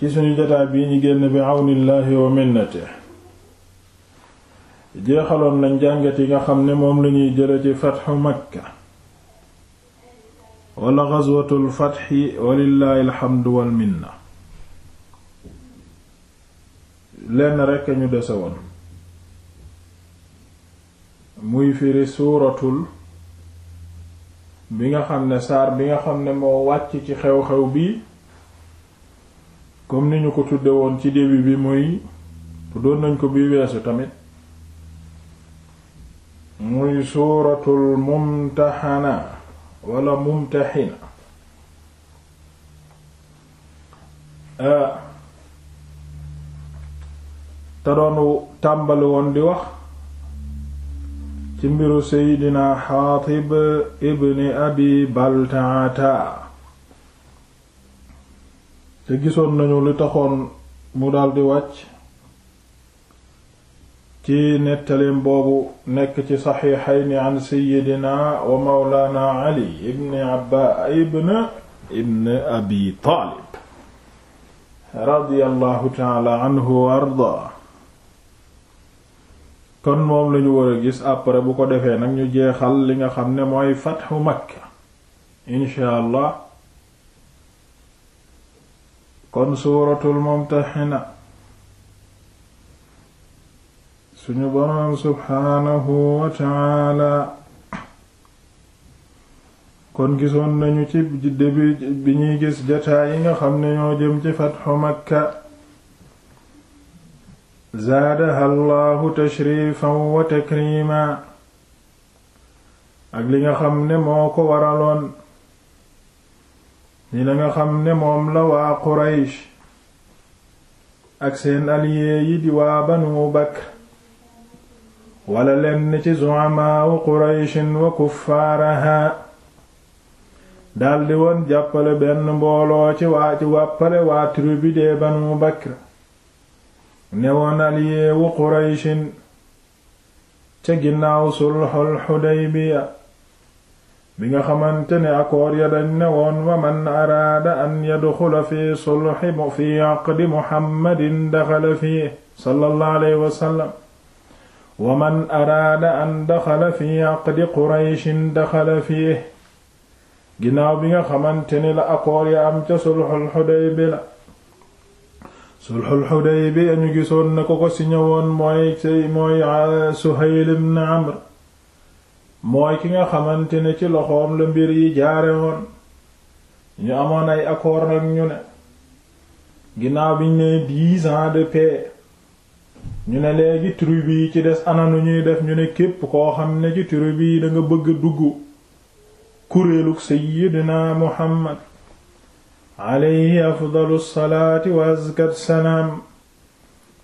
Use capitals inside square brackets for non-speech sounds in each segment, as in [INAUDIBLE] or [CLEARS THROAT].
ci suñu jotaay bii ñu génn bi àwnillaahi wa minnate jeexaloon nañ jàngat yi nga xam ne moom lañuy jële ci fatxu makka wala gazwatul fatxi walillaahi alxamdu wal minna lenn rekk ñu desewoon muy firi suuratul bi nga xam ne saar bi nga xam ne moo wàcc ci xew-xew bii comme ni ñu ko tudde woon ci début bi muy tuddoon nañ ko bi weesu tamit muy suuratul mumtaxana wala mumtaxina ah. te doon tàmbali woon di wax ci mbiru seydina xaatib ibni abi baltaata te gisoon nañu lu taxoon mu daldi wàcc ci nettalim boobu nekk ci saxiixayni an sayidina wa mawlaana ali ibn abba ibn ibn abi taalib radiyallahu taala anhu wa ardaa kon moom lañu war a gis après bu ko defee nag ñu jeexal li nga xam ne mooy fatxu makka incha allah kon suuratul mumtaxina suñu boroom subxaanahu wa taala kon gisoon nañu ci début bi ñuy gis jataay yi nga xam ne ñoo jëm ci fatxu makka zaadaha allahu tashrifan wa ak li nga xam ne moo ko waraloon ni la nga xam ne moom la waa Quraysh ak seen alliés yi di waa Banu Bakr wala lenn ci zu'amaa wa Qurayshin wa kuffaaraha daldi woon jàppale benn mbooloo ci waa ci wàppale waa tribu Banu Bakr ne woon allié wu Qurayshin ca ginnaaw sulhul Hudaybiya bi nga xamante ne accord ya dañ ne woon wa man araada an yadxula fi sulxi fi aqdi muhammadin daxala fii sallallahu wa man araada an daxala fi aqdi qurayshin daxala fii ginnaaw bi nga xamante ni la accord ya am ca sulxul xudaybi xudaybi ñu gisoon na ko ko mooy ah, Suhayl ibn Amr mooy ki nga xamante ne ci loxoom la mbir yi jaare woon ñu amoon ay accord nag ñu ne ginnaaw bi ne dix ans ñu ne léegi tribu yi ci des ana nu ñuy def ñu ne képp koo xam ne ci tribu yi da bëgg a dugg kuréelug sayyidina muhammad alayhi afdalu salaati wa azkat salaam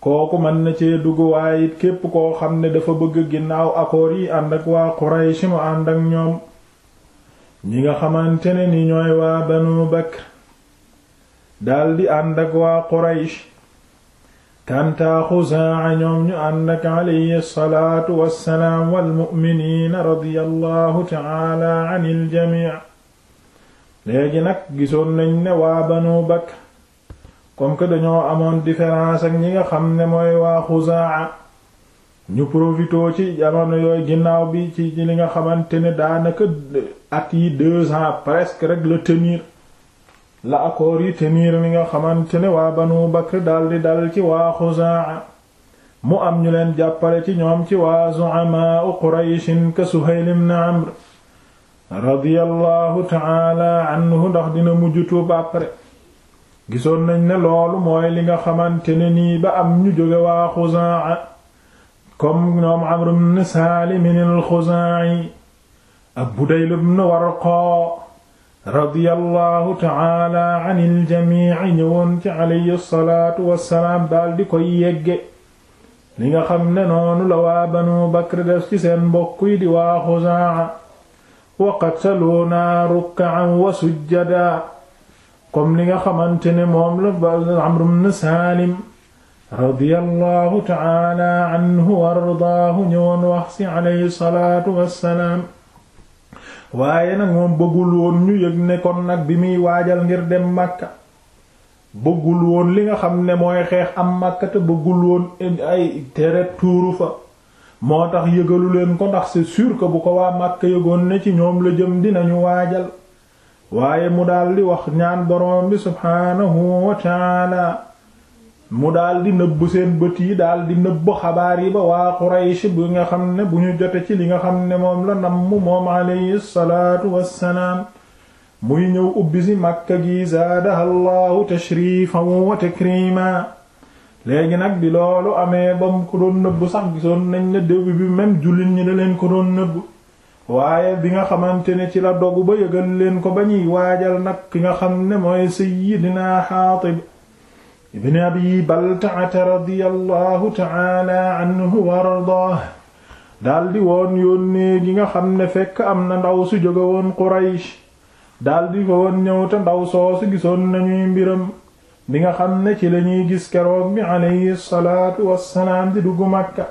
kooku mën na cee dugg waaye képp koo xam ne dafa bëgg ginnaaw accord yi ànd ak waa Quraysh mu ànd ak ñoom ñi nga xamante ne ni ñooy waa Banu Bakr daldi ànd ak waa Quraysh kantaa Xuzaa'a ñoom ñu ànd ak alayhi salaatu wassalaam wal mu'miniina radiyallahu ta'ala anil jamii léegi nag gisoon nañ ne waa Banu Bakr comme que dañoo amoon différence ak ñi nga xam ne mooy waaxu Xuzaa ñu profitoo ci jamono yooyu ginnaaw bi ci li nga xamante ne daanaka at yi deux ans presque rek la tenir la accord yi tenir li nga xamante ne waa Banu Bakr di dal ci waa Xuzaa mu am ñu leen jàppale ci ñoom ci waa u Qurayshin ka Suhayl ibn Amr radiyallahu ta'ala anhu ndax dina mujj tuub après gisoon nañ ne loolu mooy li nga xamante ne nii ba nu ñu jóge waa Xuzaa comme ñoom Amr ibn Saalim al-Xuzaa'i ak Budayl ibn Warqa radiyallahu ta'ala anil jamii ñëwoon ci alayhi salaatu wassalaam daal di koy yegge li nga xam ne noonu la waa Banu Bakr def ci seen mbokk yi di waa Xuzaa wa qataluunaa ruk'an wa sujjadaa comme li nga xamante ne moom la ba Amr ibn Saalim radiyallahu ta'ala anhu wa ardaahu ñëwoon wax si wassalaam waaye nag moom bëggul woon ñu yëg ne kon nag bi muy waajal ngir dem Makka bëggul woon li nga xam ne mooy xeex am Makka te bëggul woon ay tere tuuru fa moo tax yëgalu leen ko ndax c'est sûr bu ko waa Makka yëgoon ne ci ñoom la jëm dinañu waajal waaye mu daldi wax ñaan borom bi subhaanahu wa taala mu daldi nëbb seen bët yi daldi nëbb xabaar yi ba waa Quraysh bi nga xam ne bu ñu jote ci li nga xam ne moom la namm moom alayhi salaatu wassalaam muy ñëw ubbi si Makka gi zaadaha Allahu tashrifan wa takrima léegi nag di loolu amee bam ko doon nëbb sax gisoon nañ ne début bi même jullit ñi da leen ko doon nëbb waaye bi nga xamante ne ci la dogu ba yëgal leen ko ba ñuy waajal nag ki nga xam ne mooy sayyidina Xaatib ibn Abi Baltaata radiyallahu ta'ala anhu wa ardaahu daldi woon yónnee gi nga xam ne fekk am na ndaw su jóge woon Quraysh daldi fa woon ñëw te ndaw soosu gisoon nañuy mbiram bi nga xam ne ci lañuy gis keroog bi alayhi salaatu wassalaam di dugg Makka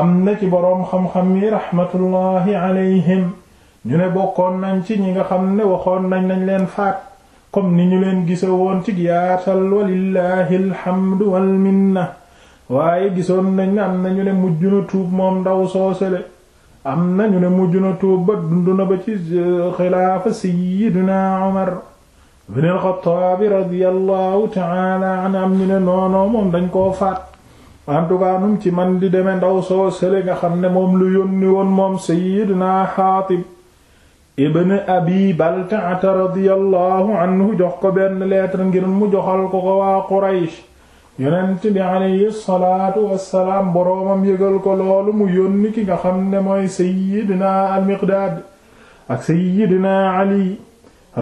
am na ci boroom xam-xam yi raxmatullaahi alayhim ñu ne bokkoon nañ ci ñi nga xam ne waxoon nañ nañ leen faat comme ni ñu leen gise woon ci yaatal walillaahi alxamdu walminna waaye gisoon nañ ne am na ñu ne mujj na tuub moom ndaw soosele am na ñu ne mujj na tuub ba dund na ba ci euh, xilaafa sayyidina Umar ibn al-Xattaab radiyallaahu am ñu ne noonoo moom dañ koo faat en tout cas num ci man di demee ndaw soo sële nga xam ne moom lu yónni woon moom sayyidina xaatib ibn abi baltaata radiyallahu anhu jox ko benn lettre ngir mu joxal ko ko waa quraysh yonent bi alayhi salaatu wassalaam boroomam yëgal ko loolu mu yónni ki nga xam ne mooy sayyidina al-miqdaad ak sayyidina ali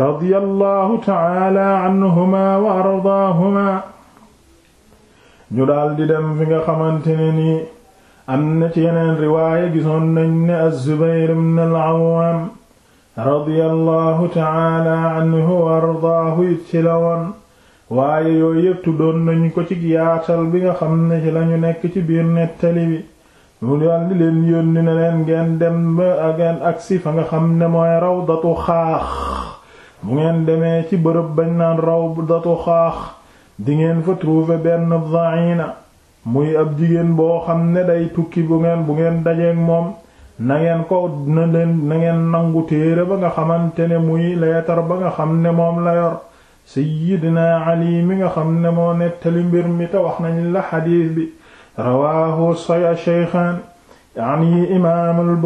radiyallahu ta'ala anhuma wa ardaahuma ñu daal di dem fi nga xamante ne nii am na ci yeneen riwaaya gisoon nañ ne az-Zubayr ibn al-Awwam radiyallahu ta'ala anhu wa ardaahu it ci la waaye yooyu yépp tuddoon nañ ko ci yaatal bi nga xam ne ci lañu nekk ci biir nettali bi mu daal leen yónni ne leen ngeen dem ba ngeen agsi fa nga xam ne mooy rawdatu xaax bu ngeen demee ci bërëb bañ naan rawdatu xaax dingeen ngeen fa trouver benn dhaina muy ab jigéen boo xam ne day tukki bu ngeen bu ngeen dajeek moom na ngeen ko na leen na nangu téere ba nga xamante ne muy leetar ba nga xam ne moom la yor sayyidina ali mi nga xam ne moo nettali mbir mi ta wax nañ la xadiis bi rawaahu saya shaykhaan yani imaam al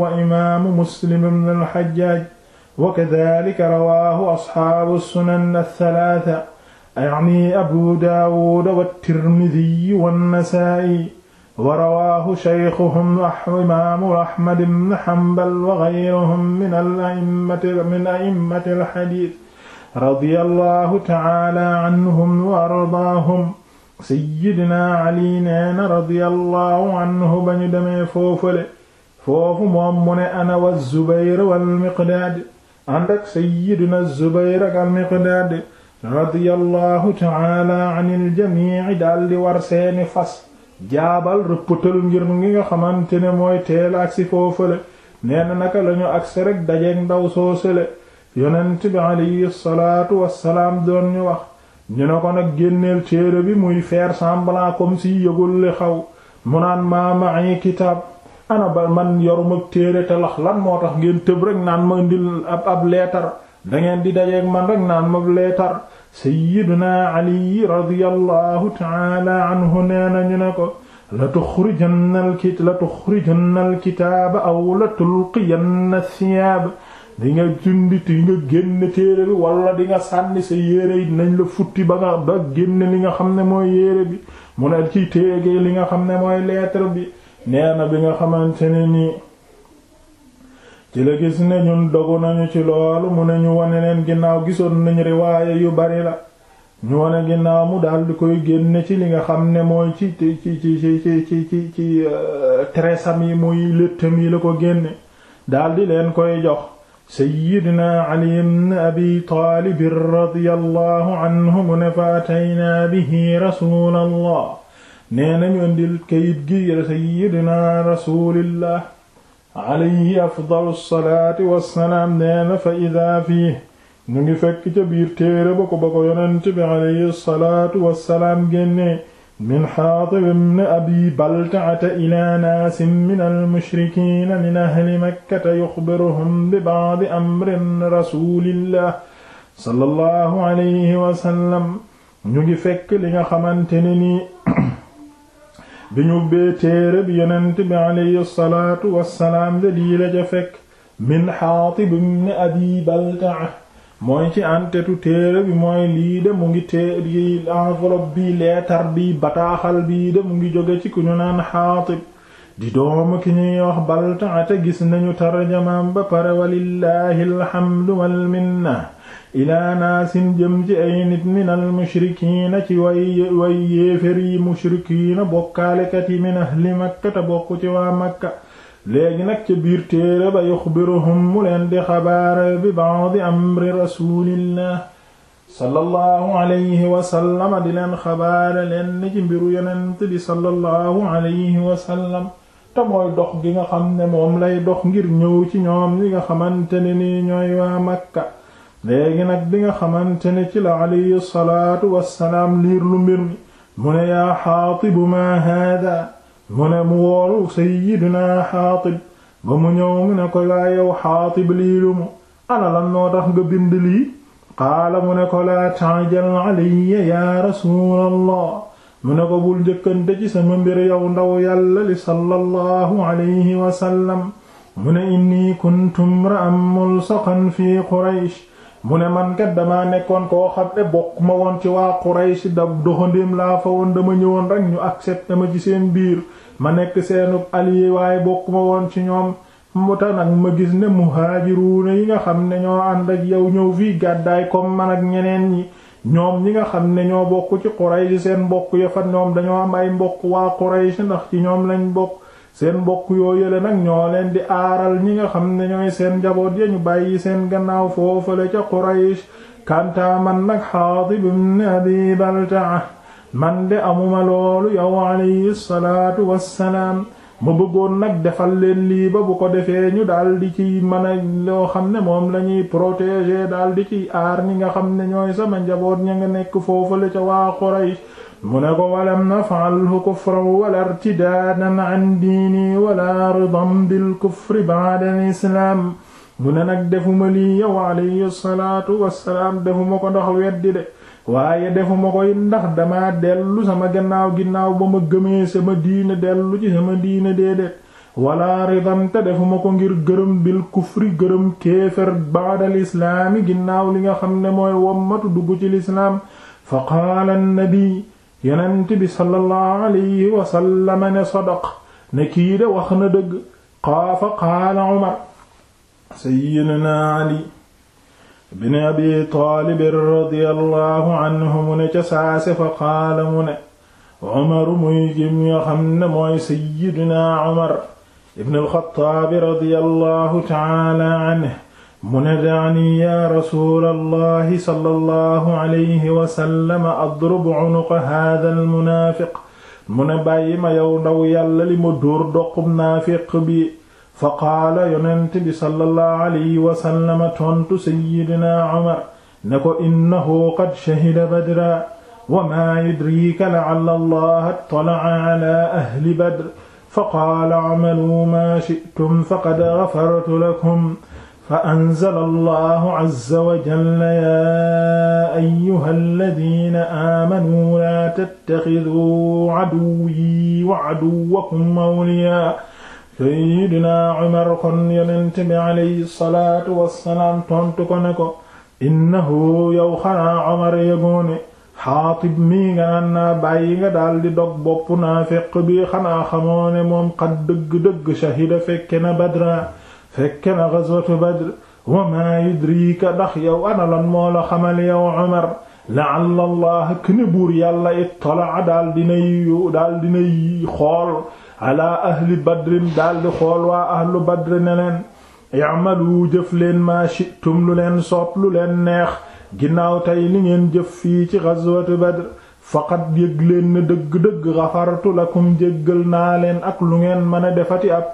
wa imaamu muslim ibn al wa kadhalika rawaahu ashaabu sunan ath-thalaatha يعني أبو داود والترمذي والنسائي ورواه شيخهم الإمام أحمد بن حنبل وغيرهم من الأئمة من أئمة الحديث رضي الله تعالى عنهم وأرضاهم Seydina Ali nee na radiyallahu anhu ba ñu demee foofule foofu moom mu ne ana wa Zubayr wal Miqdaad ànd ak Seydina Zubayr ak al Miqdaad radiyallahu taala anil jamii daldi war seeni fas jaabal rëppatal ngir ngi nga xamante ne mooy teel si foofale nee na naka lañu ak rekk dajeek ndaw soosale yonent bi alayhi salaatu wassalaam doon ñu wax ñu ne ko nag génneel téere bi muy faire semblant comme si yëgul li xaw mu naan maa ma'i kitaab ana ba man yorum ak téere te lax lan moo tax ngeen tëb rekk naan ma ndil ab ab leetar dangeen di dajeeg man rek naan ma leetar sayyiduna ali radiyallahu ta'ala anhu nee na ñu ne ko la tuxrijanna alkit la tuxrijanna alkitaaba aw la tulqiyanna thiyaab di nga junditi yi nga génn téere bi wala di nga sànni sa yére yi nañ la futti ba nga génn li nga xam ne mooy yére bi mu ne ci téegee li nga xam ne mooy lettre bi neena bi nga xamante ne nii ci la gis ne ñun dogu nañu ci loolu mu ne ñu wane leen ginnaaw gisoon nañ riwaaye yu bari la ñu wane ginnaaw mu daal di koy génne ci li nga xam ne mooy ci ci ci ci ci ci ci euh, tresam yi muy léttam yi la ko génne daal di leen koy jox sayyidina ali ibn abi taalib radiyallahu anhu mu ne fa ataynaa bihi rasulallah nañu indil kayit gi sayyidina rasulillah alayhi afdalu lsalaati wassalaam nee na fa ida fii ñu ngi fekk ca biir téere ba ko ba ko yonent bi alayhi lsalaatu wassalaam génne min xaatib ibn abi baltaata ila naasin min almushrikiina min ahli makkata yuxbiruhum bi ba'di amrin rasulillah sallallahu alayhi wasallam ñu ngi fekk li nga xamante ne nii bi ñu ubbee téere bi yonent bi alayhi salaatu wassalaam de lii la ca fekk min Haatib ibn Abi Baltaa mooy ci antetu téere bi mooy lii de mu ngi téere enveloppe bi leetar bi bataaxal bi de mu ngi jóge ci ku ñu naan Haatib di doomu ki ñuy wax Baltaa te gis nañu tarjamaam ba pare walillahi alhamdu wal minna ilaa naasin jëm ci ay nit minal mushrikiina ci way way yéefér yi mushrikiina bokkaalekat yi min ahli makka te bokk ci waa makka léegi nag ca biir téere ba yuxbiruhum mu leen di xabaara bi ba'di amri rasulillah sallallahu alayhi wasallama di leen xabaara leen ni ci mbiru yonent bi sallallahu alayhi wasallam te mooy dox gi nga xam ne moom lay dox ngir ñëw ci ñoom ñi nga xamante ni ñooy waa makka léegi nag bi xamante ne ci la alayhi salaatu wassalaam liir lu mbir mi mu ne yaa xaatibu maa haada mu ne mu woolu sayyidunaa xaatib ba mu ñëw mu ko laa yow xaatib lii mu ana lan noo tax nga bind lii qaala mu ne ko laa taajal alayya yaa rasuulallah mu ne ko bul njëkkante ci sama mbir yow ndaw yàlla li sallallahu alayhi wasallam mu ne kuntu imra'an mulsaqan fii quraysh mu ne man kat damaa nekkoon koo xam ne bokk ma woon ci waa Quraysh da doxandéem laa fa woon dama ñëwoon rek ñu accepté ma ci seen biir ma nekk seenu allié waaye bokk ma woon ci ñoom mu ta nag ma gis ne muhaajiruuna yi nga xam ne ñoo ànd ak yow ñëw fii gàddaay comme man ak ñeneen ñi ñoom ñi nga xam ne ñoo bokk ci Quraysh seen mbokk ya fa ñoom dañoo am ay mbokk waa Quraysh ndax ci ñoom lañ bokk seen mbokk yoo yële nag ñoo leen di aaral ñi nga xam ne ñooy seen njaboot ya ñu bàyyi seen gannaaw foofale ca Quraysh kanta man nag Xaatib ibn Abi Baltaa man di amuma loolu yow alayhi salaatu wassalaam ma bëggoon nag defal leen lii ba bu ko defee ñu daal di ci mën a loo xam ne moom la ñuy protéger daal di ci aar ñi nga xam ne ñooy sama njaboot ña nga nekk foofale ca waa Quraysh mu ne ko walam naf'alhu kufran wala irtidaadan an diini wala ridan bil kufri ba'da islaam mu ne nag defuma lii yow alayhi salaatu wassalaam defuma ko ndax weddi de waaye defuma ko it ndax dellu sama gannaaw ginnaaw ba ma gëmee sama diine dellu ci sama diine déedéet wala ridan te defuma ko ngir gërëm bil kufri gërëm kéefër ba'da al ginnaaw li nga xam ne mooy wommatu dugg ci lislaam fa qaala an yonent bi sallallahu alayhi wa sallam ne sadaq ne kii de wax na dëgg qaafa qaala Umar sayyidina Ali ibn Abi Taalib radiyallahu anhu mu ne ca saase fa qaala mu ne Umar muy gim yoo xam ne mooy sayyidina Umar ibn al-Khattaab radiyallahu ta'ala anhu mu ne daani yaa rasuulallahi sallallahu alayhi wa sallam adrub unuqa haadha almunaafiq mu ne bàyyi ma yow ndaw yàlla li ma dóor doqub naafiq bi fa qaala yonent bi sallallahu alayhi wa sallam tontu sayyidina Umar ne ko innahu qad shahida badra wa maa yudriika la'alla allaha ittala'a alaa ahli badr fa qaala i'maluu maa shi'tum faqad ghafartu lakum fa anzala allahu azza wa jalla yaa ayyuha alladina aamanuu laa tattaxiduu aduwwii wa aduwwakum awliyaa sayyidina Umar kon yonent bi alayhi salaatu wassalaam tontu ko ne ko innahu yow xanaa Umar yëgoone xaatib mii nga naan naa bàyyi nga daldi dog bopp naa feq bi xanaa xamoo ne moom xat dëgg-dëgg shahida fekke na Badra fekke na ghazwatu badr wa maa yudrika ndax yow ana lan moo la xamal yow Umar la'alla allah këne buur yàlla ittala'a daal dinay daal xool ala ahli badrin daal di xool waa ahlu badr ne leen i'malu jëf leen maa shi'tum lu leen soob lu leen neex ginnaaw tey li ngeen jëf fii ci ghazwatu badr faqat yëg leen ne dëgg-dëgg ghafartu lakum jéggal naa leen ak lu ngeen mën a defati ab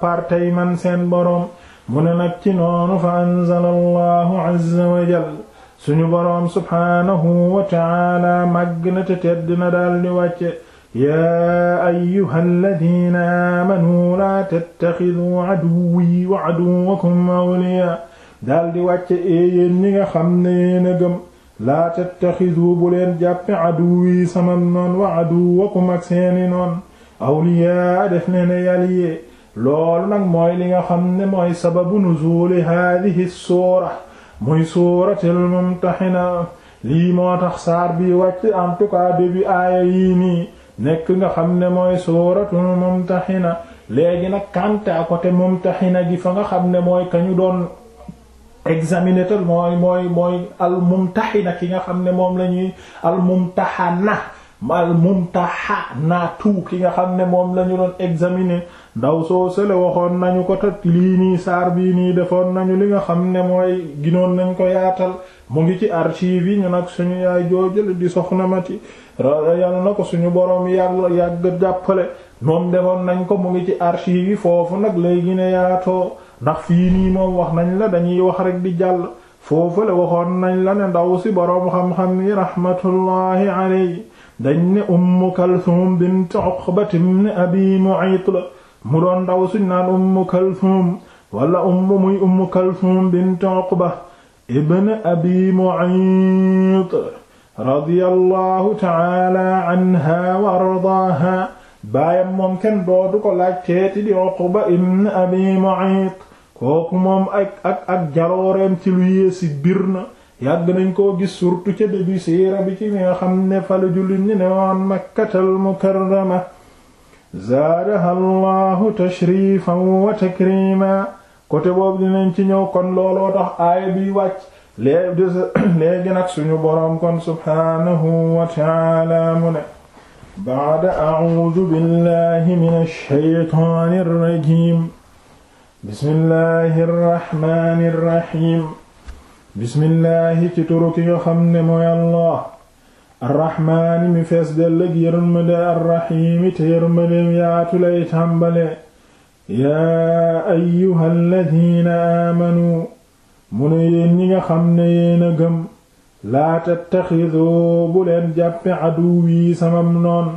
man seen boroom mu ne nag ci noonu fa anzala allahu azza wa jal suñu boroom subhaanahu wa taala màgg na te tedd na daldi wàcce yaa ayyuha alladina aamanu laa tattaxiduu aduwwi wa aduwakum awliyaa daldi wàcce eeyéen ñi nga xam ne yéen a gëm laa tattaxiduu bu leen jàppe aduwwi sama noon wa aduwakum ak seeni noon awliyaa def ne ne yàllyee loolu nag mooy li nga xam ne mooy sababu nuzuuli haadihi suura muy suuratul mumtahina lii moo tax saar bi wàcc en tout cas début aaya yii nii nekk nga xam ne mooy suuratul mumtahina léegi nag kante à côté mumtahina gi fa nga xam ne mooy kañu doon examiner te mooy mooy al mumtahina ki nga xam ne moom lañuy ñuy al mumtahana mal mumtaha naatu ki nga xam ne moom lañu doon examiner ndaw soo sele waxoon nañu ko tat lii nii saar bii nii defoon nañu li nga xam ne mooy ginoon nañ ko yaatal mu ngi ci archive yi ñu nag suñu yaay joojale di soxna mati yàlla na ko suñu boroom yàlla yàgg jàppale moom defoon nañ ko mu ngi ci archive yi foofu nag lay gine yaatoo ndax fii nii moom wax nañ la dañuy wax rek di jàll foofu waxoon nañ la ne ndaw si boroom xam-xam ni rahmatullahi dañ ne Umm Kalthum bint Uqbat ibn Abi Mu'ayt la mu doon ndaw suñ naan Umm Kalthum wala umm muy Umm Kalthum bint Uqba ibn Abi Mu'ayt radiyallahu ta'ala anha wa ardaaha baayam moom kenn doodu ko laaj teeti di Uqba ibn Abi Mu'ayt kooku moom ak ak ak jarooreem ci lu yéesi na yàgg nañ ko gis surtout ca début siira bi ci mi nga xam ne fala jullit ñi ne woon makkatal mukarrama zaadaha allahu tashrifan wa takrima côté boobu dinañ ci ñëw kon looloo tax aaya biy wàcc léegi léegi nag suñu boroom kon subhaanahu wa ta'ala mu ne ba'da a'uudu billahi minash shaytaanir rajiim bismillahir rahmaanir rahiim bismillaahi ci turu nga xam ne mooy allah arraxmaani mi fees dell ak yërmande arraxiimi te yërmandeem yaatu lay tàmbale yaa ayyuha aamanu mu ne yéen ñi nga xam ne yéen a gëm laa tattaxidoo bu leen jàppe aduw sama noon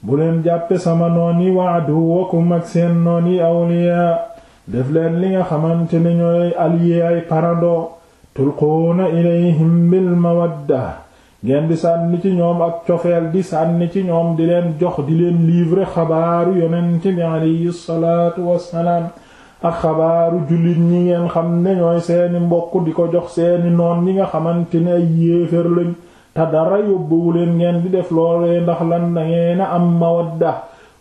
bu leen jàppe sama noon yi wa aduwakum ak seen noon yi awliyaa def leen li nga xamante ne ñooy parado tulquuna ilayhim bil mawadda ngeen di sànni ci ñoom ak cofeel di sànni ci ñoom di leen jox di leen livrer xabaaru yonent bi alayhi salaatu wassalaam ak xabaaru jullit ñi ngeen xam ne ñooy seeni mbokk di ko jox seeni noon ñi nga xamante ne ay yéefér lañ te dara yóbbuwu leen ngeen di def loolee ndax lan ngeen a am mawadda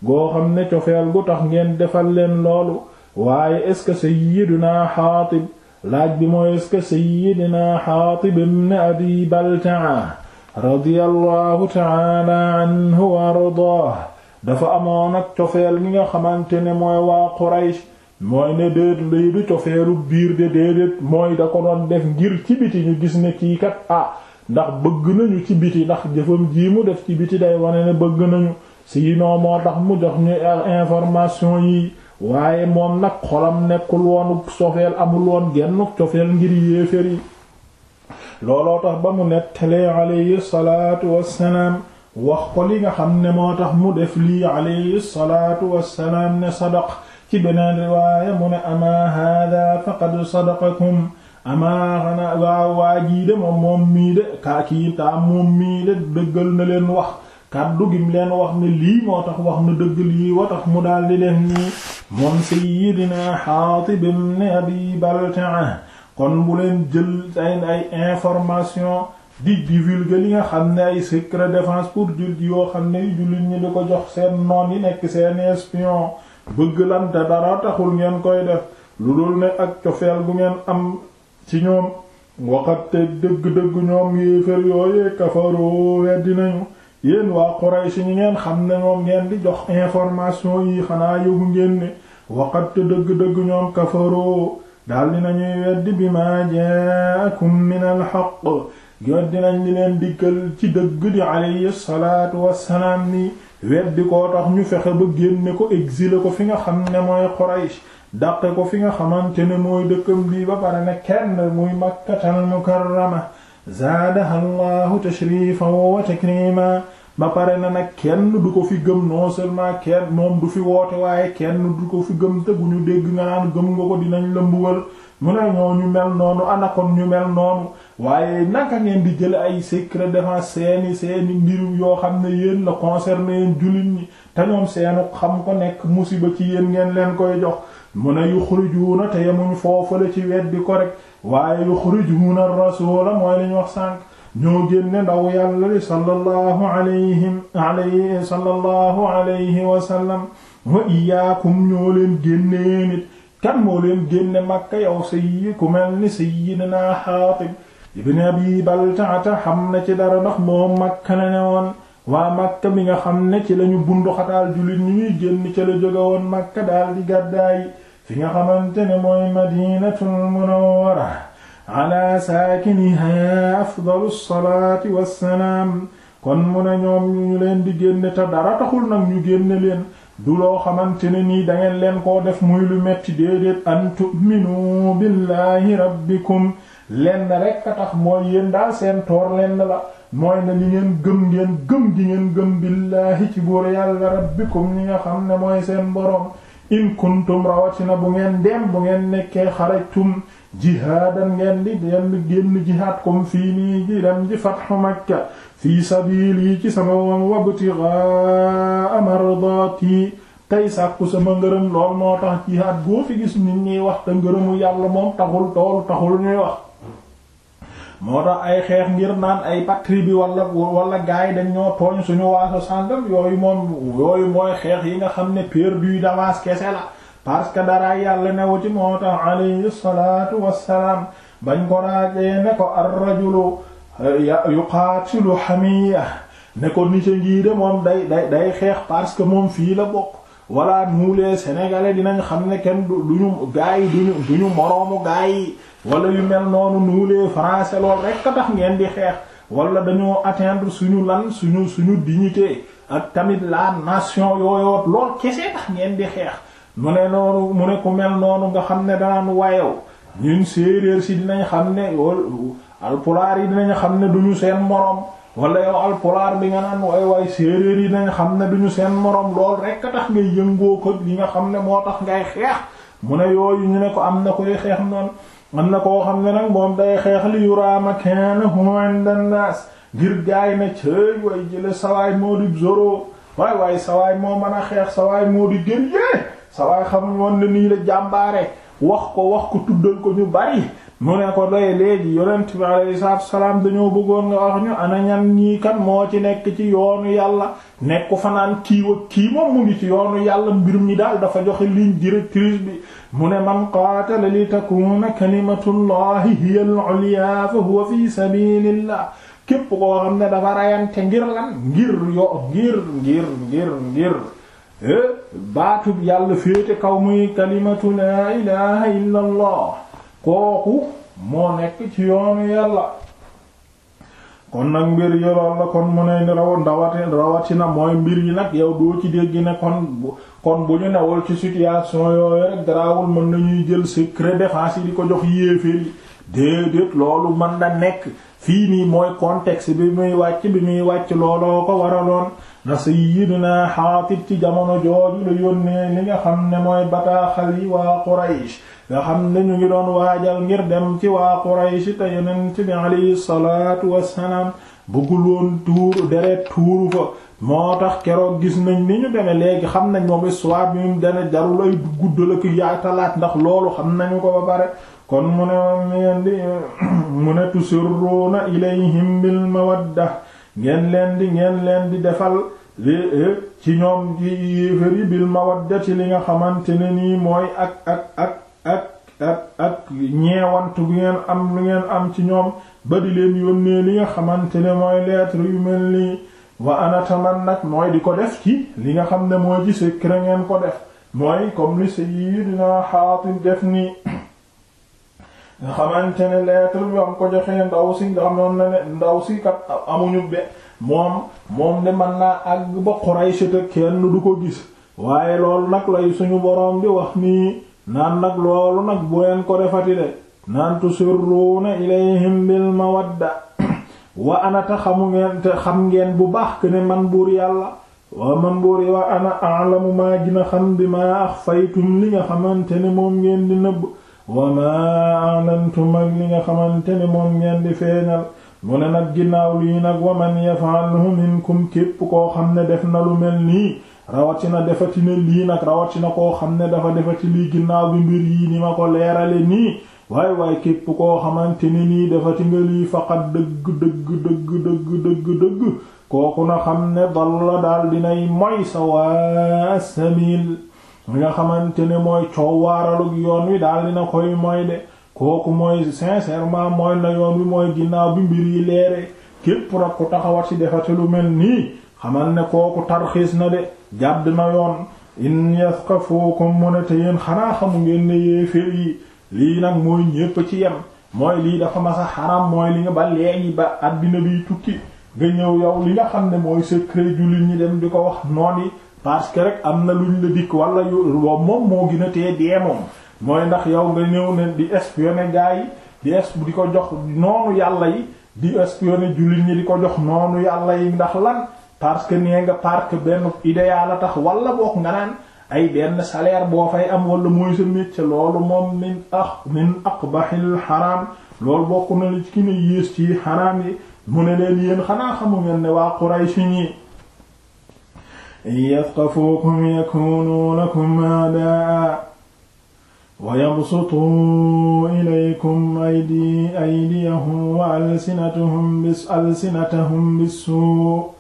goo xam ne cofeel gu tax ngeen defal leen loolu waaye est-ce que sayyiduna Xaatib laaj bi mooy est-ce que sayyidina Xaatib ibn Abi Baltaa radiyallahu ta'ala anhu wa dafa amoon ak cofeel gi nga xamante ne mooy waa Quraysh mooy ne déet lii du cofeelu biir de déedéet mooy da ko doon def ngir ci biti ñu gis ne kii kat ah ndax bëgg nañu ci biti ndax jëfam jii mu def ci biti day wane ne bëgg nañu sinon moo tax mu jox ñu information yi waaye moom nag xolam nekkul woonu cofeel amul woon genn cofeel ngir yéefér yi looloo tax ba mu nettalee alayhi salaatu wassalaam wax ko li nga xam ne moo tax mu def lii alayhi salaatu wassalaam ne sadaq ci beneen riwaaya mu ne amaa haadaa faqad sadaqakum amaa waa jii de moom moom mii de kaakii taa moom mii de dëggal na leen wax kàddu gim leen wax ne lii moo tax wax na dëgg lii wa tax mu daldi def nii moom sayyidina Xaatib ibn Abi Baltaa kon mu leen jël ay ay information di divulguer li nga xam ne ay secret defence pour jul yoo xam ne jullit ñi di ko jox seen noon yi nekk seen espion bëgg lante dara taxul ngeen koy def lu dul ne ak cofeel bu ngeen am ci ñoom waxatte dëgg-dëgg ñoom yéefér yooyee kafaroo weddi nañu yéen waa Quraysh ñi ngeen xam ne moom ngeen di jox information yi xanaa yógu ngeen ne waqat dëgg-dëgg ñoom kafaroo daal dinañuy weddi bi ma jaakum min al haqq yoon dinañ li leen diggal ci dëgg di alayhi salaatu wassalaam ni weddi ko tax ñu fexe ba génne ko exilé ko fi nga xam ne mooy Quraysh dàqe ko fi nga xamante ne mooy dëkkam bi ba pare ne kenn muy Makkatal Mukarrama zaadaha Allahu tashrifan wa takrima ba pare na nag kenn du ko fi gëm non seulement kenn moom du fi woote waaye kenn du ko fi gëm te ñu dégg nga naan gëm nga ko dinañ la mbugal mu ne ñoo ñu mel noonu anakon ñu mel noonu waaye naka ngeen di jële ay secret défense seeni seeni mbiru yoo xam ne yéen la concerné yéen jullit ñi te ñoom seenu xam ko nekk musiba ci yéen ngeen leen koy jox mu ne yuxrijuuna te yemuñ foofu la ci weddi ko rek waaye yuxrijuuna rasuula mooy lañ wax sànk ñoo génne ndaw yàlla li sallallahu alayhim alayhi sallallahu alayhi wa sallam wa iyaakum ñoo leen génnee nit kan moo leen génne Makka yow sayyi ku mel ni sayyidina Xaatib ibn Abi Baltaata xam na ci dara ndax moom Makka la ne woon waa Makka bi nga xam ne ci lañu bunduxataal jullit ñu ñuy génn ca la jóge woon Makka daal di gàddaay fi nga xamante ne mooy Madinatul Munawwara ala saakiniha afdalu salaati wassalaam kon mu ne ñoom ñu leen di génne te dara taxul nag ñu génne leen du loo xamante ne nii dangeen leen koo def muy lu metti déedéet an tu'minu billahi rabbikum lenn rekk a tax mooy yéen daal seen toor lenn la mooy na li ngeen gëm ngeen gëm gi ngeen gëm billaahi ci buur yàlla rabbikum ñi nga xam ne mooy seen boroom in kuntum rawatina bu ngeen dem bu ngeen nekkee xarajtum jihaadan ngeen di dem génn jihaad comme fii nii ji dem ji fathu Makka fii sabiili ci sama wam wabtighaa mardaati tey sàkku sama ngërëm lool moo tax jihaad boo fi gis nit ñi wax te ngërëmu yàlla moom taxul toolu taxul ñuy wax moo tax ay xeex ngir naan ay patrie bi wala wala gars dañ ñoo tooñ suñu waaso sàngam yooyu moom yooyu mooy xeex yi nga xam ne perdu d'avance kese la parce que dara yàlla newu ci moo tax alayhi salaatu wassalaam bañ ko raajee ne ko ar-rajulu eh, yuqaatilu hamiya ne ko nit a ngii de moom day day day xeex parce que moom fii la bokk wala nuulee sénégalais dinañ xam ne kenn du duñu gaa yi duñu duñu moroomu gaa yi wala yu mel noonu nuulee français lool rekk a tax ngeen di xeex wala dañoo atteindre suñu lan su suñu dignité ak tamit la nation yooyoot lool kese tax ngeen di xeex mu ne noonu mu ne ku mel noonu nga xam ne danaan wayew ñun séeréer si dinañ xam ne yow alpulaar yi dinañ xam ne duñu seen moroom wala yow alpulaar bi nga naan waay waay séeréer yi dinañ xam ne duñu seen moroom lool rekk tax ngay yëngoo ko li nga xam ne moo tax ngay xeex mu ne yooyu ñu ne ko am na koy xeex noonu am na koo xam ne nag moom day xeex li yuraama kenn human dandaas ngir jaay na cëy way jële sawaay moo di zoro waay waay sawaay moo xeex sawaay moo di gën sa waay xamuñ woon ne nii la jàmbaare wax ko wax ko tuddal ko ñu bari mu ne ko doy léegi yonent bi alayhi salaatu salaam dañoo bëggoon nga wax ñu ana ñan ñii kan moo ci nekk ci yoonu yàlla nekku fanaan kiiwa kii mu ngi ci yoonu yàlla mbir mi daal dafa joxe ligne directrice bi mu ne man qaatala li takuuna kalimatullahi hiya al-ulya fa huwa fi sabilillah képp koo xam ne dafa rayante ngir lan ngir yo ngir ngir ngir ngir Eh, baatub yàlla féete kaw muy kalimatu laa ilaha illa allah kooku moo nekk ci yoonu yàlla kon nag mbir yi lool la kon mu ne raw ndawati rawatina mooy mbir yi nag yow doo ci dégg ne kon bu ñu newal ci situation yooyu rek garaawul mën nañuy jël secret défense yi di ko jox yéeféer yi déedéet loolu mën na nekk fii nii mooy contexte bi muy wàcc bi muy wàcc looloo ko waraloon ndax sayyiduna Xaatib ci jamono jooju la yónnee li nga xam ne mooy bataaxal yi waa Quraysh nga xam ne ñu ngi doon waajal ngir dem ci waa Quraysh te yonent bi alayhi salaatu wassalaam bëggul woon tuur deret tuuru fa moo tax keroog gis nañ ni ñu demee léegi xam nañ moom histoire bi mu dana jarul ay guddal ak yaatalaat ndax loolu xam nañu ko ba bare kon mu ne mu ne tusirruuna ilayhim bil mawadda ngeen leen di ngeen leen di defal li eh, ci ñoom gi yéefar yi bil mawaddati li nga xamante ne nii mooy ak ak ak ak ñeewantu bi ngeen am lu ngeen am ci ñoom ba di leen yónnee li nga xamante ne mooy lettre yu mel nii wa anata anataman nag mooy di ko def ci li nga xam ne mooy ci secret ngeen ko def mooy comme li sayyidina Xaatib def nii nga xamante ne lettre bi am ko joxee ndaw si nga xamoon na ne ndaw si kat amuñu be moom moom de man naa àgg ba Quraysh te kenn du ko gis waaye loolu nag lay suñu boroom bi wax nii naan nag loolu nag bu leen ko defati de naan tusirruuna ilayhim bil mawadda wa anata xamu ngeen te xam ngeen bu baax que ne man buur yàlla wa man buur wa ana a'lamu maa gina xam bi maa axfaytum li nga xamante ni moom ngeen di nëbb wa maa a'lantum ak li nga xamante ne moom ngeen di feeñal mu ne nag ginnaaw lii nag wa man yaf'alhu minkum képp koo xam ne def na lu mel nii na rawatina defatina lii nag na koo xam ne dafa defati lii ginnaaw bi mbir yii ni ma ko leerale nii waaye waay képp koo xamante ni nii defati nga lii faqat dëgg dëgg dëgg dëgg dëgg dëgg kooku na xam ne dalla daal dinay moy sawaa sabil mi nga xamante ne mooy coow waaralu yoon wi daal dina koy mooy de kooku mooy sincèrement mooy na yoon wi mooy ginnaaw bi mbir yi leere képp rek ku taxawat ci defate lu mel nii xamal ne kooku tarxiis na de jàdd na yoon in yathqafukum mu ne te yéen xanaa xamu ngeen ne yéeféer yi lii nag mooy ñépp ci yem mooy lii dafa masa xaram mooy li nga ba léegi ba àddina biy tukki nga ñëw yow li nga xam ne mooy secret jullit ñi dem di ko wax noon yi parce que rek am na lu ñu la dikk wala yu moom moo gën tee dee moom mooy ndax yow nga ñëw ne di espionner gaa yi di es di ko jox noonu yàlla yi di espionner jullit ñi di ko jox noonu yàlla yi ndax lan parce que nee nga parce que benn idéal la tax walla boog nga naan ay benn salaire boo fay am walla mooy sa métier loolu moom min ak min aqbahil xaraam loolu bokk na li ci yées ci xaraam yi mu ne leen yéen xanaa xamu ngeen ne waa Quraysh ñi in yathqafuukum yakuunuu lakum a'daa'an wa yabsutuu ilaykum aydi aydiyahum wa alsinatahum bis alsinatahum bissuu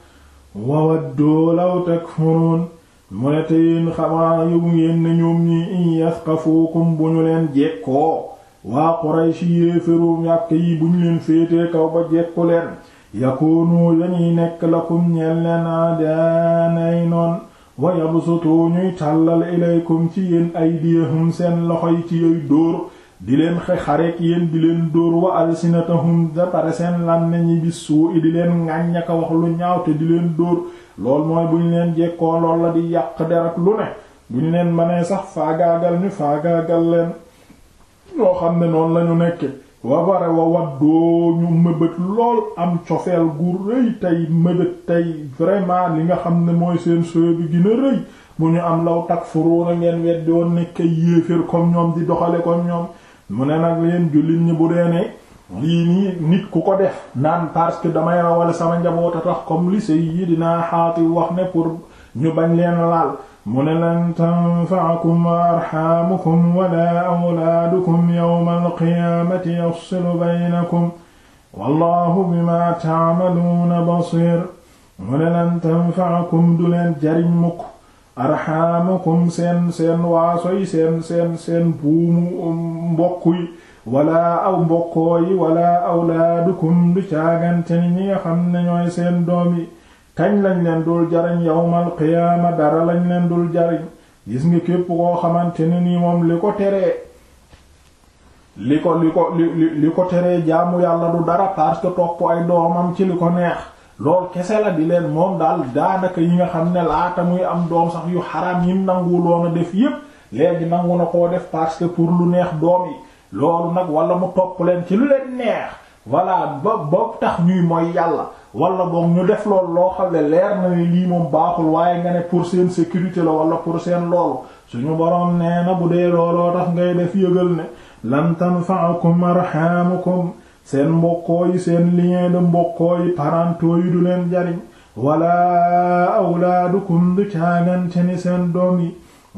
wa wadduu law takfuruun mu ne te yéen xamaa yëgu ngeen ne ñoom ñi in yathqafuukum bu ñu leen jekkoo waa Quraysh yéeféru yàkk yi bu ñu leen féetee kaw ba jekku leen yakunu dañuy nekk lakum ñeel leen aadaanay noon wa yabsutu ñuy tàllal ilaykum ci yéen aydiyahum seen loxo yi ci yoy dóor di leen xareek yéen di leen dóor wa alsinatahum da pare seen làmmiñ bi suu i di leen ŋàññ wax lu ñaaw te di leen dóor lool mooy bu ñu leen jekkoo lool la di yàq der ak lu ne bu ñu leen mënee sax faagaagal ñu faagaagal leen ñoo xam ne noonu lañu nekk wa war wa waddoo ñu mëbët lool am cofeel gu rëy tey mëbët tey vraiment li nga xam ne mooy seen sooy bi gën a rëy mu ñu am law takfuruuna ngeen weddi woon nekk yéeféer comme ñoom di doxale comme ñoom mu ne nag leen jullit ñi bu dee ne lii nii nit ku ko def naan parce que damay rawale sama njaboot a tax comme li Sayyidina Haatib wax ne pour ñu bañ leen laal mu ne lan tanfaakum arxaamukum wala awlaadukum yawma alqiyaamati yafsilu baynakum wallahu bima taamaluuna basir mu ne lan tanfaakum du leen jariñ mukk arxaamukum seen seen waasoy seen seen seen buumu um, mbokk yi wala aw mbokkoo yi wala awlaadukum du caagante ni ñi nga xam ne ñooy seen doom yi kañ lañ leen dul jariñ yawmal qiyaama dara lañ leen dul jariñ gis nga képp koo xamante ne nii moom li ko teree li ko li ko li li ko teree jaamu yàlla du dara parce que topp ay doomam ci li ko neex lool kese la di leen moom daal daanaka yi nga xam ne laata muy am doom sax yu xaraam yim nanguloon a def yépp léegi nangu na koo def parce que pour lu neex doom yi loolu nag walla mu topp leen ci lu leen neex voilà ba ba tax ñuy mooy yàlla wala boog ñu def lool loo xam ne leer na ne lii moom baaxul waaye nga ne pour seen sécurité la wala pour seen loolu suñu boroom nee na bu dee looloo tax ngay def yëgal ne lan tanfa'akum arhaamukum seen mbokkoo yi seen lien de mbokkoo yi parentaux yi du leen jariñ wala awlaadukum du caagante ni seen doom yi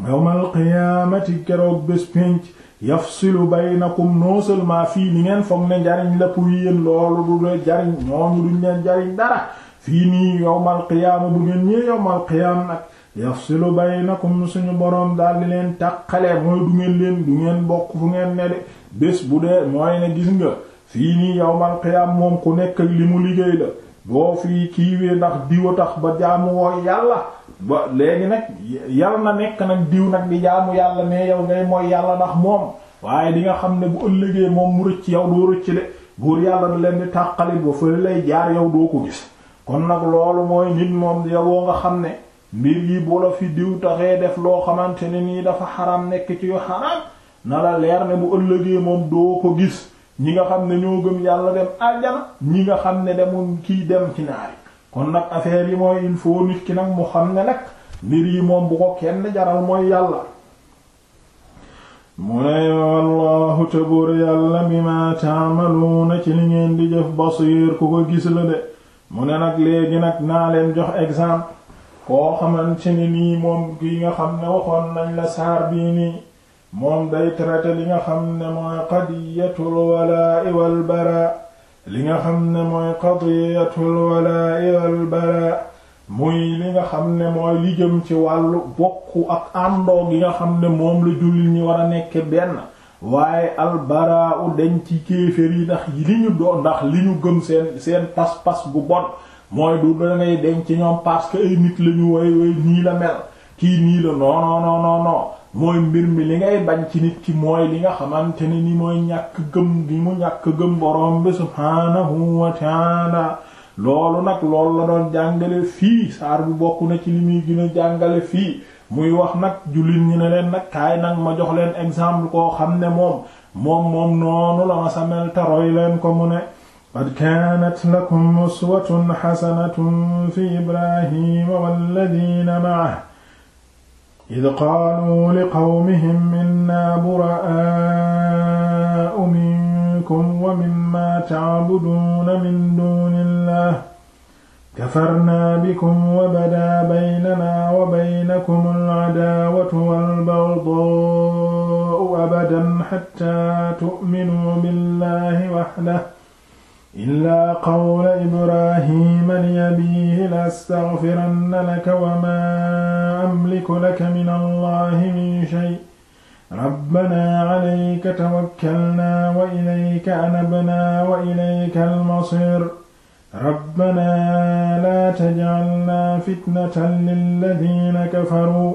yawmal qiyaamati keroog bés na baynakum non seulement fii ni ngeen foog ne njariñ la pour yéen loolu du leen jariñ ñooñu duñ leen jariñ dara fii nii yowmal qiyaama bu ngeen ñëwee yowmal qiyaama nag yafsilu baynakum suñu boroom daal di leen tàqale mooy du ngeen leen du ngeen bokk fu ngeen ne de bés bu dee mooy ne gis nga fii nii yowmal qiyaama moom ku nekk li mu liggéey la boo fii kiiwee ndax diwa tax ba jaamu woo yàlla ba léegi nag yal na nekk nag diw nag di jaamu yàlla mais yow ngay mooy yàlla ndax moom waaye di nga xam ne bu ëllëgee moom mu rëcc yow doo rëcc de buur yàlla du leen di tàqali ba fële lay jaar yow doo ko gis kon nag loolu mooy nit moom yowoo nga xam ne mbir yii bu la fi diw taxee def loo xamante ne nii dafa xaram nekk ci yu xaram na la leer ne bu ëllëgee moom doo ko gis ñi nga xam ne ñoo gëm yàlla dem àjjana ñi nga xam ne demul kiy dem ci naari kon nag affaire yi mooy il faut nit ki nag mu xam ne nag mbir yi moom bu ko kenn jaral mooy yàlla mu ne wallahu te yàlla bi ma taamaluuna ci li ngeen di jëf basiir ku ko gis la de mu ne nag léegi nag naa leen jox exemple koo xamante ni nii moom ki nga xam ne waxoon nañ la saar bii nii moom day traité li nga xam ne mooy qadiyatul walaa wal bara li nga xam ne mooy qadiyatul walaa'i wal balaa muy li nga xam ne mooy li jëm ci wàllu bokku ak àndoo gi nga xam ne moom la jullit ñi war a nekk benn waaye albaraa u dañ ci kéeféer yi ndax li ñu doon ndax li ñu gëm seen seen pas-pas bu bon mooy du dangay ci ñoom parce que ay nit lañu way way nii la mel kii nii la non non non non mooy mbir mi li ngay bañ ci nit ki mooy li nga xamante ne ni mooy ñàkk gëm gi mu ñàkk gëm borom bi subhaanahu wa ta'ala loolu nag loolu la doon jàngale fii saar bi bokk na ci li muy gën a jàngale fii muy wax nag jullit ñi ne leen nag kaay nag ma jox leen exemple koo xam ne moom moom moom noonu la ma samel taroy leen ko mu ne qad kaanat lakum uswatun hasanatun fi ibrahima walladina ma'ahu id qaaluu liqawmihim inna buraa'u minkum wa mimma tacbuduuna min duuni illah kafarnaa bikum wa badaa baynanaa wa baynakum alcadaawatu walbagdaa'u abadan xatta tu'minuu billahi waxdah illaa qawla ibrahima li abiihi la astaghfiranna laka wa maa amliku laka min allahi min shay rabbanaa calayka tawakkalnaa wa ilayka anabnaa wa ilayka almasiir rabbanaa laa tajcalnaa fitnatan lilladiina kafaruu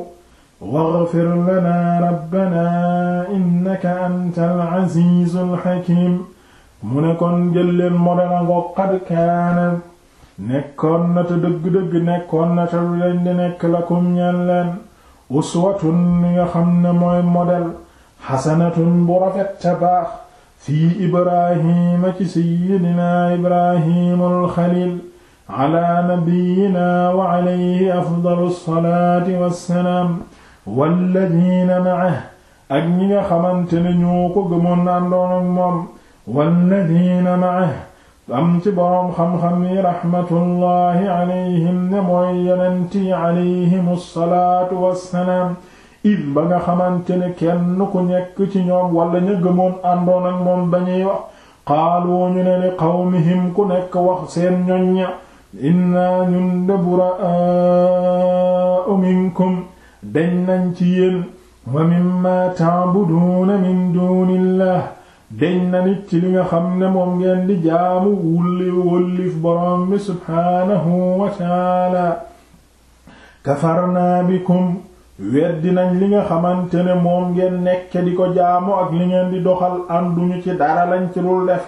waghfir lanaa rabbanaa innaka anta alcaziizu alxakiim mu ne kon jël leen a ngoog qad kaana nekkoon na te dëgg-dëgg nekkoon na te lu nekk lakum ñeen leen uswatun li nga xam ne mooy modèle xasanatun bu rafet te baax fii ibrahima ci sayyidina ibrahimul xalil ala nabiyina wa alayhi afdalu salaati wassalaam walladiina ma'ahu ak ñi nga xamante ne ñoo ko gëmoon àndoon ak moom walladiina ma'ahu am ci boroom xam-xam yi raxmatullahi alayhim ne mooy yonent yi alayhimu salaatu wassalaam it ba nga xamante ne kenn ku nekk ci ñoom wala ña gëmoon àndoon ak moom dañuy wax qaalu ñu ne li qawmihim ku nekk wax seen ñoñña inna ñun de buraa'u minkum dañ nañ ci yéen wa mimma ta'buduuna min duunillah deñ na nit ci li nga xam ne moom ngeen di jaamu wulli wóllif borom bi subhaanahu wa taala kafarnaa bikum weddi nañ li nga xamante ne moom ngeen nekke di ko jaamu ak li ngeen di doxal ànduñu ci dara lañ ci dul def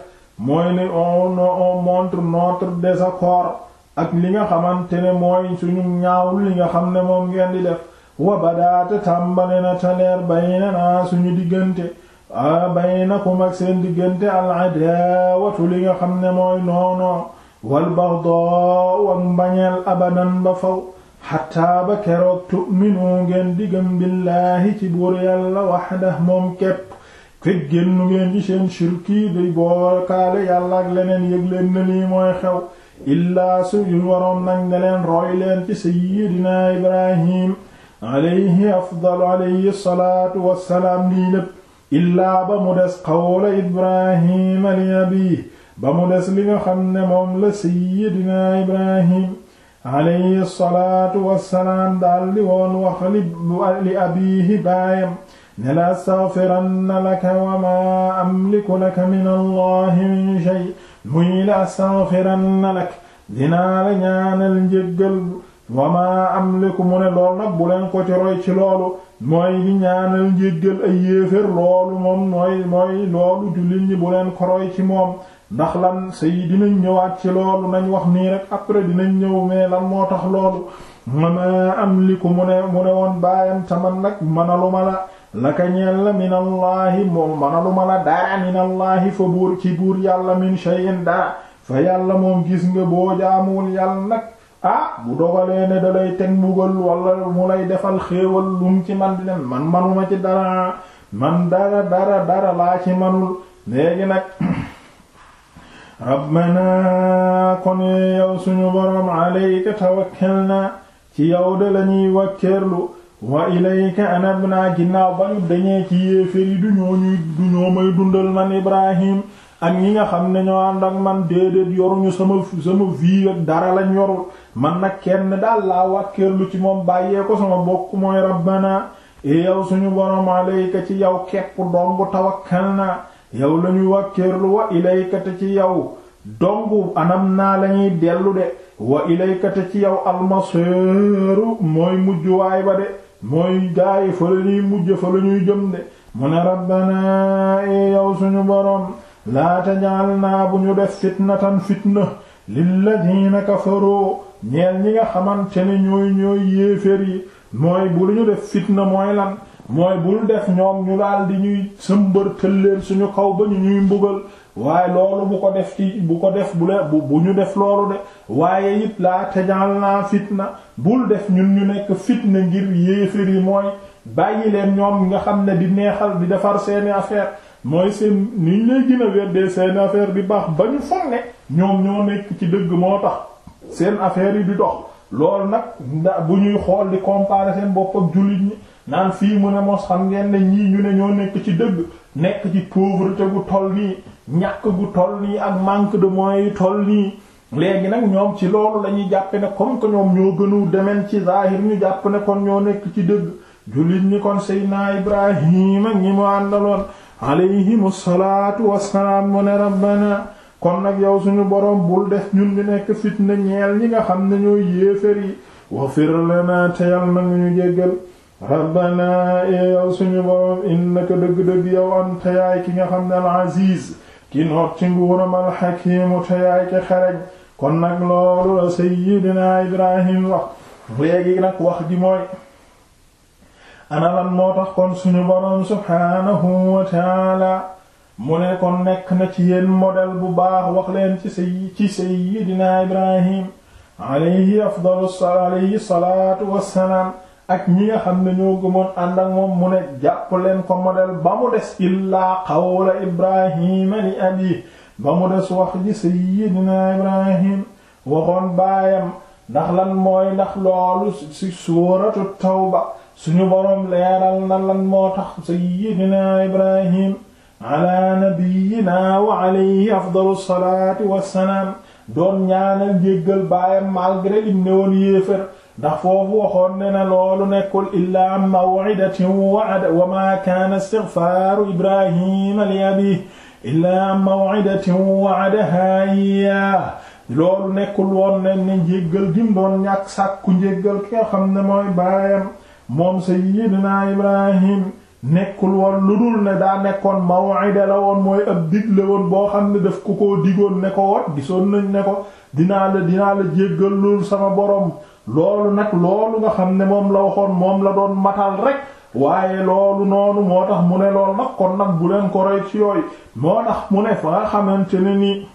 mooy ne on on montre notre désaccord ak li nga xamante ne mooy suñu ñaawul li nga xam ne moom ngeen di def wa badaata tàmbale na taleer bayna naa suñu diggante baynakum ak seen diggante al-adaawatu li nga xam ne mooy noono wal-baghdaaw ak mbañeel abadan ba faw xataa ba keroog tu'minu ngeen diggam billaahi ci buur yàlla waxdah moom képp fekk génnu ngeen ci seen shirki day bookaale yàlla ak leneen yëg leen ne lii mooy xew illaa suñu waroon nag ne leen roy leen ci sayyidina ibrahim alayhi afdalu alayhi salaatu wassalaam lii lépp illaa ba mu des qawla ibrahima li abiih ba mu des li nga xam ne moom la seyyidina ibrahim alayhi salaatu wassalaam daal di woon wax li abiihi baayam ne la astaghfiranna laka wa maa amliku laka min allahi min shay muy la astaghfiranna lak dinaa la ñaanal njéggal wa maa amliku mu ne lool nag bu leen ko ci roy ci loolu mooy di ñaanal njéggal ay yéefér loolu moom mooy mooy loolu jullit ñi bu leen koroy ci moom ndax lan sa yi dinañ ñëwaat ci loolu nañ wax nii rek après dinañ ñëw mais lan moo tax loolu mama am liku mu ne mu ne woon bàyyam taman nag mënaluma la laka ñeel la min allaahi moom mënaluma la dara min allaahi fa buur ci buur yàlla min shay'in dara fa yàlla moom gis nga boo jaamuwul yàlla nag a ah, bu dogalee ne da lay teg mbugal wala mu lay defal xéewal lum ci man di dem man manuma ci dara man dara dara dara laa ci manul léegi nag [CLEARS THROAT] rabbana kon yow suñu borom alayka tawakkalna ci yow de lañuy wakkeerlu wa ilayka anabna ginnaaw ba ñu dañee ci yéeféer yi du ñoo ñuy du ñoo may dundal man Ibrahim ak ñi nga xam ne ñoo ànd ak man déedéet yoruñu sama sama vie ak dara lañ yorul man nag kenn daal laa wàkkeerlu ci moom bàyyee ko sama bokk mooy rabbana e yow suñu borom alayka ci yow kepp dong tawakkal na yow lañuy wàkkeerlu wa ilayka te ci yow dong anam naa lañuy dellu de wa ilayka te ci yow almaseeru mooy mujjuwaay ba de mooy gaayi fa lañuy mujj fa lañuy jëm de mu ne rabbana e yow suñu borom laa tajal naa bu ñu def fitnatan fitna lilladina kafaru ñeel ñi nga xamante ne ñooy ñooy yéeféer yi mooy bu lu ñu def fitna mooy lan mooy bul def ñoom ñu daal di ñuy sëmbërtël leen suñu kaw ba ñu ñuy mbugal waaye loolu bu ko def ci bu ko def bu le bu ñu def loolu de waaye it laa tajal naa fitna bul def ñun ñu nekk fitna ngir yéeféer yi mooy bàyyi leen ñoom nga xam ne di neexal di defar seeni affaire mooy seen ni ñu lay gën a weddee seeni affaire bi baax ba ñu foog ne ñoom ñoo nekk ci dëgg moo tax seen affaire yi di dox loolu nag ndax bu ñuy xool di comparer seen bopp ak jullit ñi naan fii mu ne mos xam ngeen ne ñii ñu ne ñoo nekk ci dëgg nekk ci pauvreté gu tol nii ñàkk gu toll nii ak manque de moyens yu toll nii léegi nag ñoom ci loolu lañuy jàppe ne comme que ñoom ñoo gënu demen ci zahir ñu jàpp ne kon ñoo nekk ci dëgg jullit ñi kon seydna Ibrahim ak ñi mu àndaloon alayhimu salaatu wassalaam mu ne rabbana kon nag yow suñu borom bul def ñun ñu nekk fitna ñeel ñi nga xam ne ñooy yéefér yi wafir lana te yal ñu jéggal rabbana e yow suñu boroom innaka dëgg-dëgg yow am te ki nga xam ne al aziz ki noot ci nguuram al hakimu te yaay ki kon nag loolu la sayyidina ibrahim wax léegi nag wax ji mooy ana lan moo tax kon suñu boroom subhanahu wa mu ne kon nekk na ci yéen modèle bu baax wax leen ci say ci sayyidina ibrahim alayhi afdalu alayhi salaatu wassalaam ak ñi nga xam ne ñoo gëmoon ànd moom mu ne jàpp leen ko model ba mu des illaa qawla ibrahima li abi ba mu des wax ji sayyidina ibrahim waxoon baayam ndax lan mooy ndax loolu ci suuratu tawba suñu boroom leeral na lan moo tax sayyidina ibrahim ala nabiyyina wa alayhi afdalu salaatu wassalaam doon ñaanal jéggal baayam malgré lim ne woon yéefér ndax foofu waxoon ne na loolu nekkul illaa maw'idatin wa'ada wa ma kaana istighfaaru ibrahima li abiihi illaa maw'idatin wa'adahaa iyyaah loolu nekkul woon ne ne njéggal gim doon ñàkk sàkku njéggal kee xam ne mooy baayam moom sayyidina ibrahim nekkul woon lu dul ne daa nekkoon maw'ida la woon mooy ab digle woon boo xam ne daf ko koo digoon ne ko woon gisoon nañ ne ko dinaa la dinaa la jéggal lool sama borom loolu nag loolu nga xam ne moom la waxoon moom la doon mataal rek waaye loolu noonu moo tax mu ne lool nag kon nag bu leen ko roy ci yooyu moo tax mu ne fa nga xamante ne nii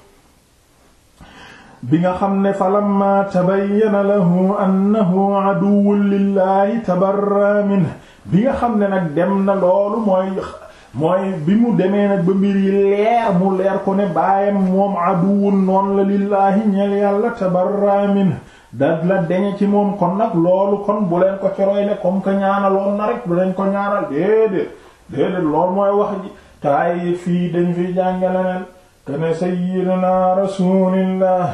bi nga xam ne falamma tabayyana lahu annahu aduwwun lillahi tabarra minhu bi nga xam ne nag dem na loolu mooy mooy bi mu demee nag ba mbir yi leer mu leer ko ne baayam moom aduwun noon la lillaahi ñel yàlla tabarra min da la deñe ci moom kon nag loolu kon bu leen ko coroy ne comme que ñaanaloon na rek bu leen ko ñaanal déedéet déedéet loolu mooy wax ji taay fii dañ fiy jàngale nen kene sayyidina rasulillah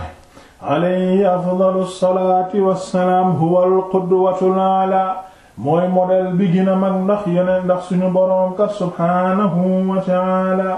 alayhi afdalu salaati wassalaam huwa al qudwatul ala mooy modèle bi gën a mag ndax yeneen ndax suñu boroom kat subhaanahu wa ta'ala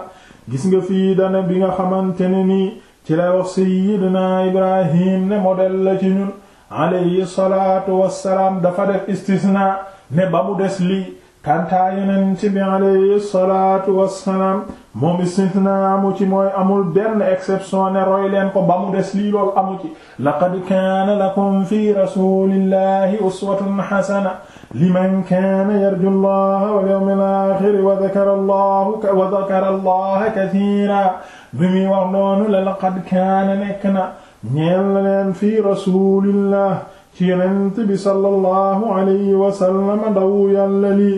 gis nga fii dana bi nga xamante ne nii ci lay wax sayyidina ibrahim ne modèle la ci ñun alayhi salaatu wassalaam dafa def istisna ne ba mu des lii kantaa yeneen ci bi alayhi salaatu wassalaam moom istisna amu ci mooy amul benn exception ne roy leen ko ba mu des lii loolu amu ci laqad kaana lakum fi rasulillahi uswatun hasana liman kaana yarju llaha wal yawmil aaxir wa dakara allaha wa dakara allaha kasiira bi muy wax noonu la laqad kaana nekk na ñeel na leen fii rasulillah ci yonent bi sallallahu alayhi wa sallam daw yàlla li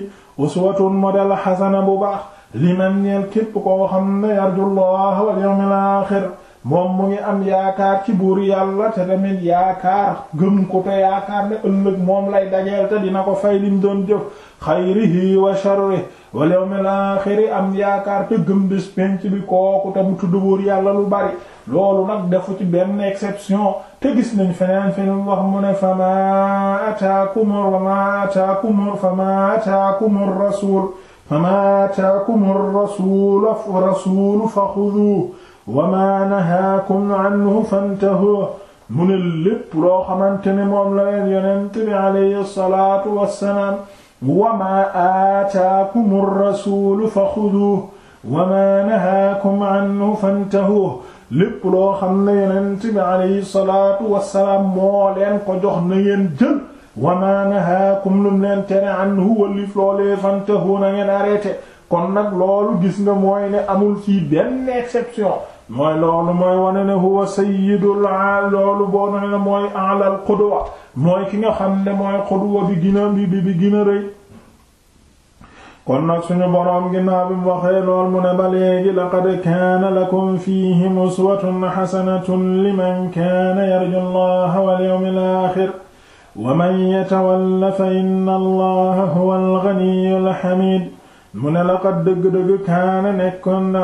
uswatun modèle xasana bu baax liman ñeel képp koo xam ne yarju llaha wal yawmil aaxir moom mu ngi am yaakaar ci buur yàlla te tamit yaakaar gëm ko te yaakaar ne ëllëg moom lay dajeel te dina ko fay lim doon jëf xayrihi wa sharrihi wal yawmil aaxiri am yaakaar te gëm bés penc bi kooku te mu tudd buur yàlla lu bari loolu nag defu ci benn exception te gis nañ feneen feneen wax mu ne fama ataakumur fama ataakumur fama ataakumur rasul fama ataakumur rasul wa maa nahaakum anhu fantahuu mu ne lépp loo xamante ne moom la leen yonent bi alayhi salaatu wassalaam wa maa aataakumu rasuulu faxuduuhu wa maa nahaakum anhu fantahu lépp loo xam ne yonent bi alayhi salaatu wassalaam moo leen ko jox na ngeen jël wa maa nahaakum lum leen tere anhu wallif loolee fantahu na ngeen arrêté kon nag loolu gis nga mooy ne amul fii benn exception mooy loolu mooy wane ne huwa sayyidul al loolu boo na ne mooy alal qudwa mooy ki nga xam ne mooy qudwa bi gina bi bi gina rëy kon nag suñu boroom ginnaaw bi mu waxee lool mu ne ba léegi laqad kaana lakum fiihim uswatun hasanatun liman kaana yarju allaha wal yawmil aaxir wa man yatawalla fa inna allaha huwal ghaniyyul hamiid mu ne laqad dëgg-dëgg kaana nekkoon na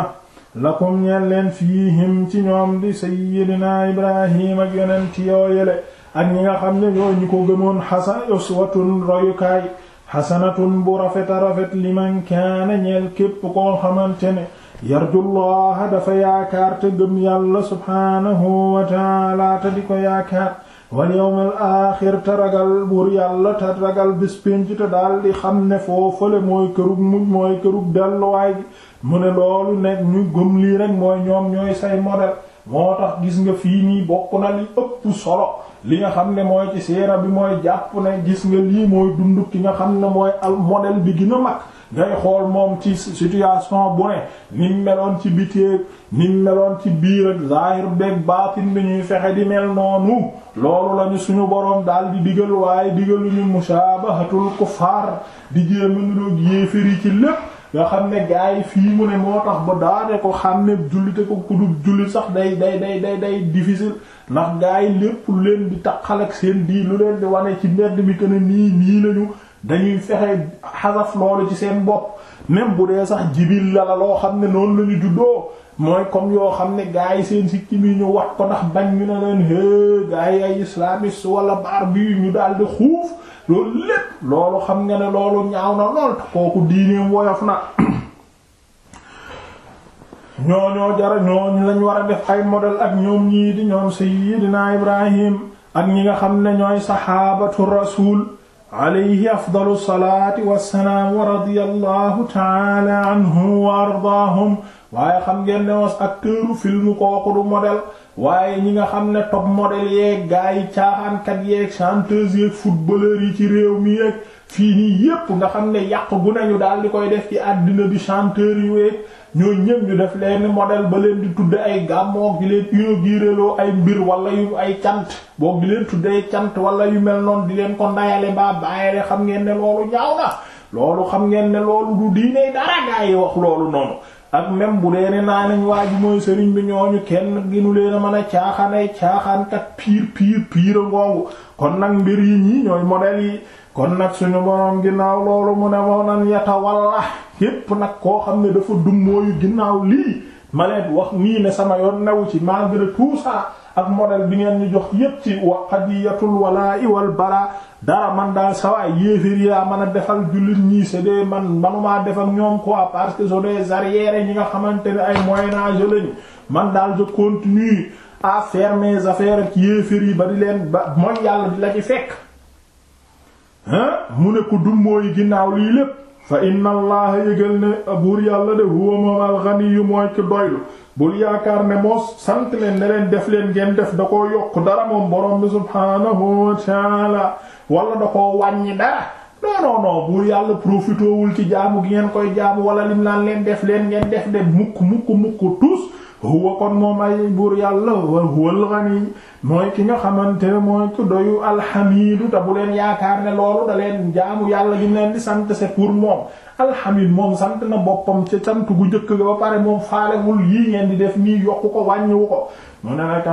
lakum ñeen leen fiihim ci ñoom di sayyidina ibrahim ak yonent yoo yele ak ñi nga xam ne ñoo ñu ko gëmoon xasan uswatun royukaay xasanatun bu rafet a rafet liman kaana ñeel képp ko xamante ne yarjullaha dafa yaakaar te gëm yàlla subhaanahu wa taala te di ko yaakaar wal yawmal aaxir te ragal buur yàlla te ragal bis pénc te daldi xam ne foofale mooy kërug mujj mooy kërug delluwaay gi mu ne loolu nekk ñu gëm lii rek mooy ñoom ñooy say modèle moo tax gis nga fii nii bokk na li ëpp solo li nga xam ne mooy ci siira bi mooy jàpp na gis nga lii mooy dund ki nga xam ne mooy al modèle bi gën mag ngay xool moom ci situation bu ne nim meloon ci biteeg nim meloon ci biir ak zahir beeg baatin bi ñuy fexe di mel noonu loolu lañu suñu boroom daal di digal waaye digaluñu mushabahatul kuffar di jéema nuroog yéeféri ci lépp nga xam ne gars yi fii mu ne moo tax ba daane ko xam ne jullite ko ku jullit sax day day day day day difficile ndax gars yi lépp leen di taxal ak seen di lu leen di wane ci mbedd mi que ne nii nii lañu dañuy fexe xasaf loolu ci seen bopp même bu dee sax jibil la loo xam ne noonu la ñu juddoo mooy comme yoo xam ne gaa yi seen sikki mi ñu wax ko ndax bañ ñu ne leen hee gars yi ay islamiste wala barbe yi ñu daal xuuf loolu lépp loolu xam nga ne loolu ñaaw na lool kooku diineem woyof na. ñooñoo [COUGHS] jara ñooñu lañ war a def ay model ak ñoom ñii di ñoom sayyidina Ibrahim ak ñi nga xam ne ñooy saxaabatu rasul. alayhi afdalu salaati wa salaam wa radiyallahu ta'ala anhum wa ardaahum waaye xam ngeen ne was acteuru film ko du model waaye ñi nga xam ne top modèle yee gars yi caaxaankat yeeg chanteuse yeeg footballeur yi ci réew mi yeeg fii nii yépp nga xam ne yàq gu nañu daal di koy def ci àddina bi chanteur yi weeg ñoo ñëpp ñu def leen modèle ba leen di tudde ay gàmmoo di leen inauguréloo ay mbir wala yu ay cant boo di leen tudde ay cant wala yu mel noonu di leen ko ndayale baa bàyyale xam ngeen ne loolu ñaaw na loolu xam ngeen ne loolu yi wax loolu noonu ak même bu dee ne naa nañ waa ji mooy sëriñ bi ñooñu kenn ginu leen a mën a caaxaanay caaxaankat piir piir piir ngoogu kon nag mbir yi ñii ñooy modèle yi kon nag suñu borom ginnaaw loolu mu ne moo nan yata walla képp nag koo xam ne dafa dummóoyu ginnaaw lii ma leen wax nii ne sama yoon new ci malgré tout ça ak modèle bi ngeen ñu jox yépp ci wa qadiyatul walaa'i wal bara dara man daal sawaay yéeféer yi laa mën a defal jullit ñii c'est des man manumaa def ak ñoom quoi parce que c'est des ñi nga xamante ne ay moyen âge lañu man daal je continue à faire mes yéeféer yi ba di leen ba mooy yàlla di la ci fekk mu ne ko dummoo yi ginnaaw lii lépp fa inna allaha ne buur yàlla de huwa moom alxaniyu mooy ki doylu bul yaakaar ne moos sant leen ne leen def leen ngeen def da koo yokk dara moom borom bi subhaanahu wa taala wala da koo wàññi dara non non non bu yàlla profité wul ci jaamu gi ngeen koy jaamu wala lim naan leen def leen ngeen def de mukk mukk mukk tous huwa kon moom ay buur yàlla wa huwal ghani mooy ki nga xamante ne mooy ku doyu alxamidu te bu leen yaakaar ne loolu da leen jaamu yàlla gi leen di sant c'est pour moom alxamid moom sant na boppam ca sant gu njëkk ga ba pare moom faalewul yii ngeen di def nii yokku ko wàññiwu ko mu ne nag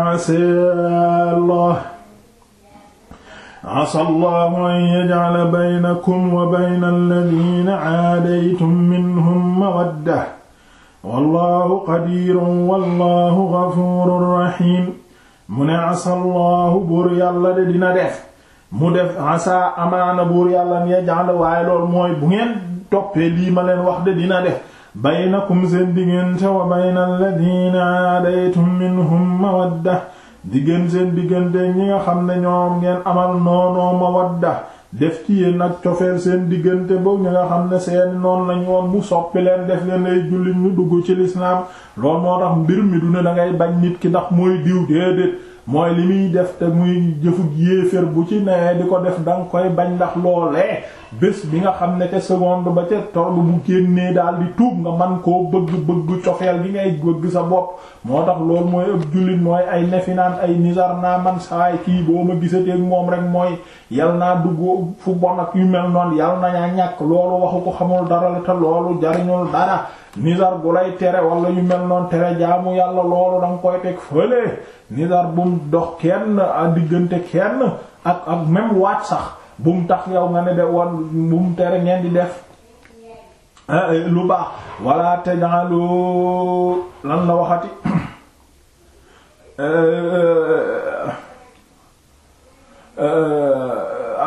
asa allahu an yaj'ala baynakum wa bayna alladhina aadaytum minhum mawadda wallaahu qadirun wallaahu gafuurun raxiim mu ne asa allaahu buur yàlla de dina def mu def asa amaana buur yàlla ni yaj'al waaye lool mooy bu ngeen toppee lii ma leen wax de dina def baynakum seen diggante wa bayna alladina aadaytum minhum mawadda diggéen seen diggante ñi nga xam ne ñoom ngeen amal noonoo mawadda def ci yéen ak cofeel seen diggante boog ñi nga xam ne seen noonu lañ mu soppi leen def leen ay jullit ñu dugg ci lislaam loolu moo tax mbir mi du ne da ngay bañ nit ki ndax mooy diw déedéet mooy li muy def te muy jëfu yéeféer bu ci nee di ko def danga koy bañ ndax loolee bés bi nga xam ne te seconde ba ca tollu bu génnee daal di tuub nga man koo bëgg bëgg cofeel gi ngay bëgg sa bopp moo tax loolu mooy ëpp jullit mooy ay nefinaan ay nisar naa man saay kii boo ma gisateeg moom rek mooy yal naa dugg fu bon yu mel noonu yal na ñaa ñàkk loolu waxu ko xamul dara la te loolu jariñul dara nizar bu lay tere wala yu mel noon tere jaamu yàlla loolu danga koy teg fële nizar bum dox kenn a diggante kenn ak ak même waat sax bum tax yow nga ne de wan bum tere ngeen di def ah, eh, lu baax wala taj'alu lan la waxati [COUGHS] eh, eh,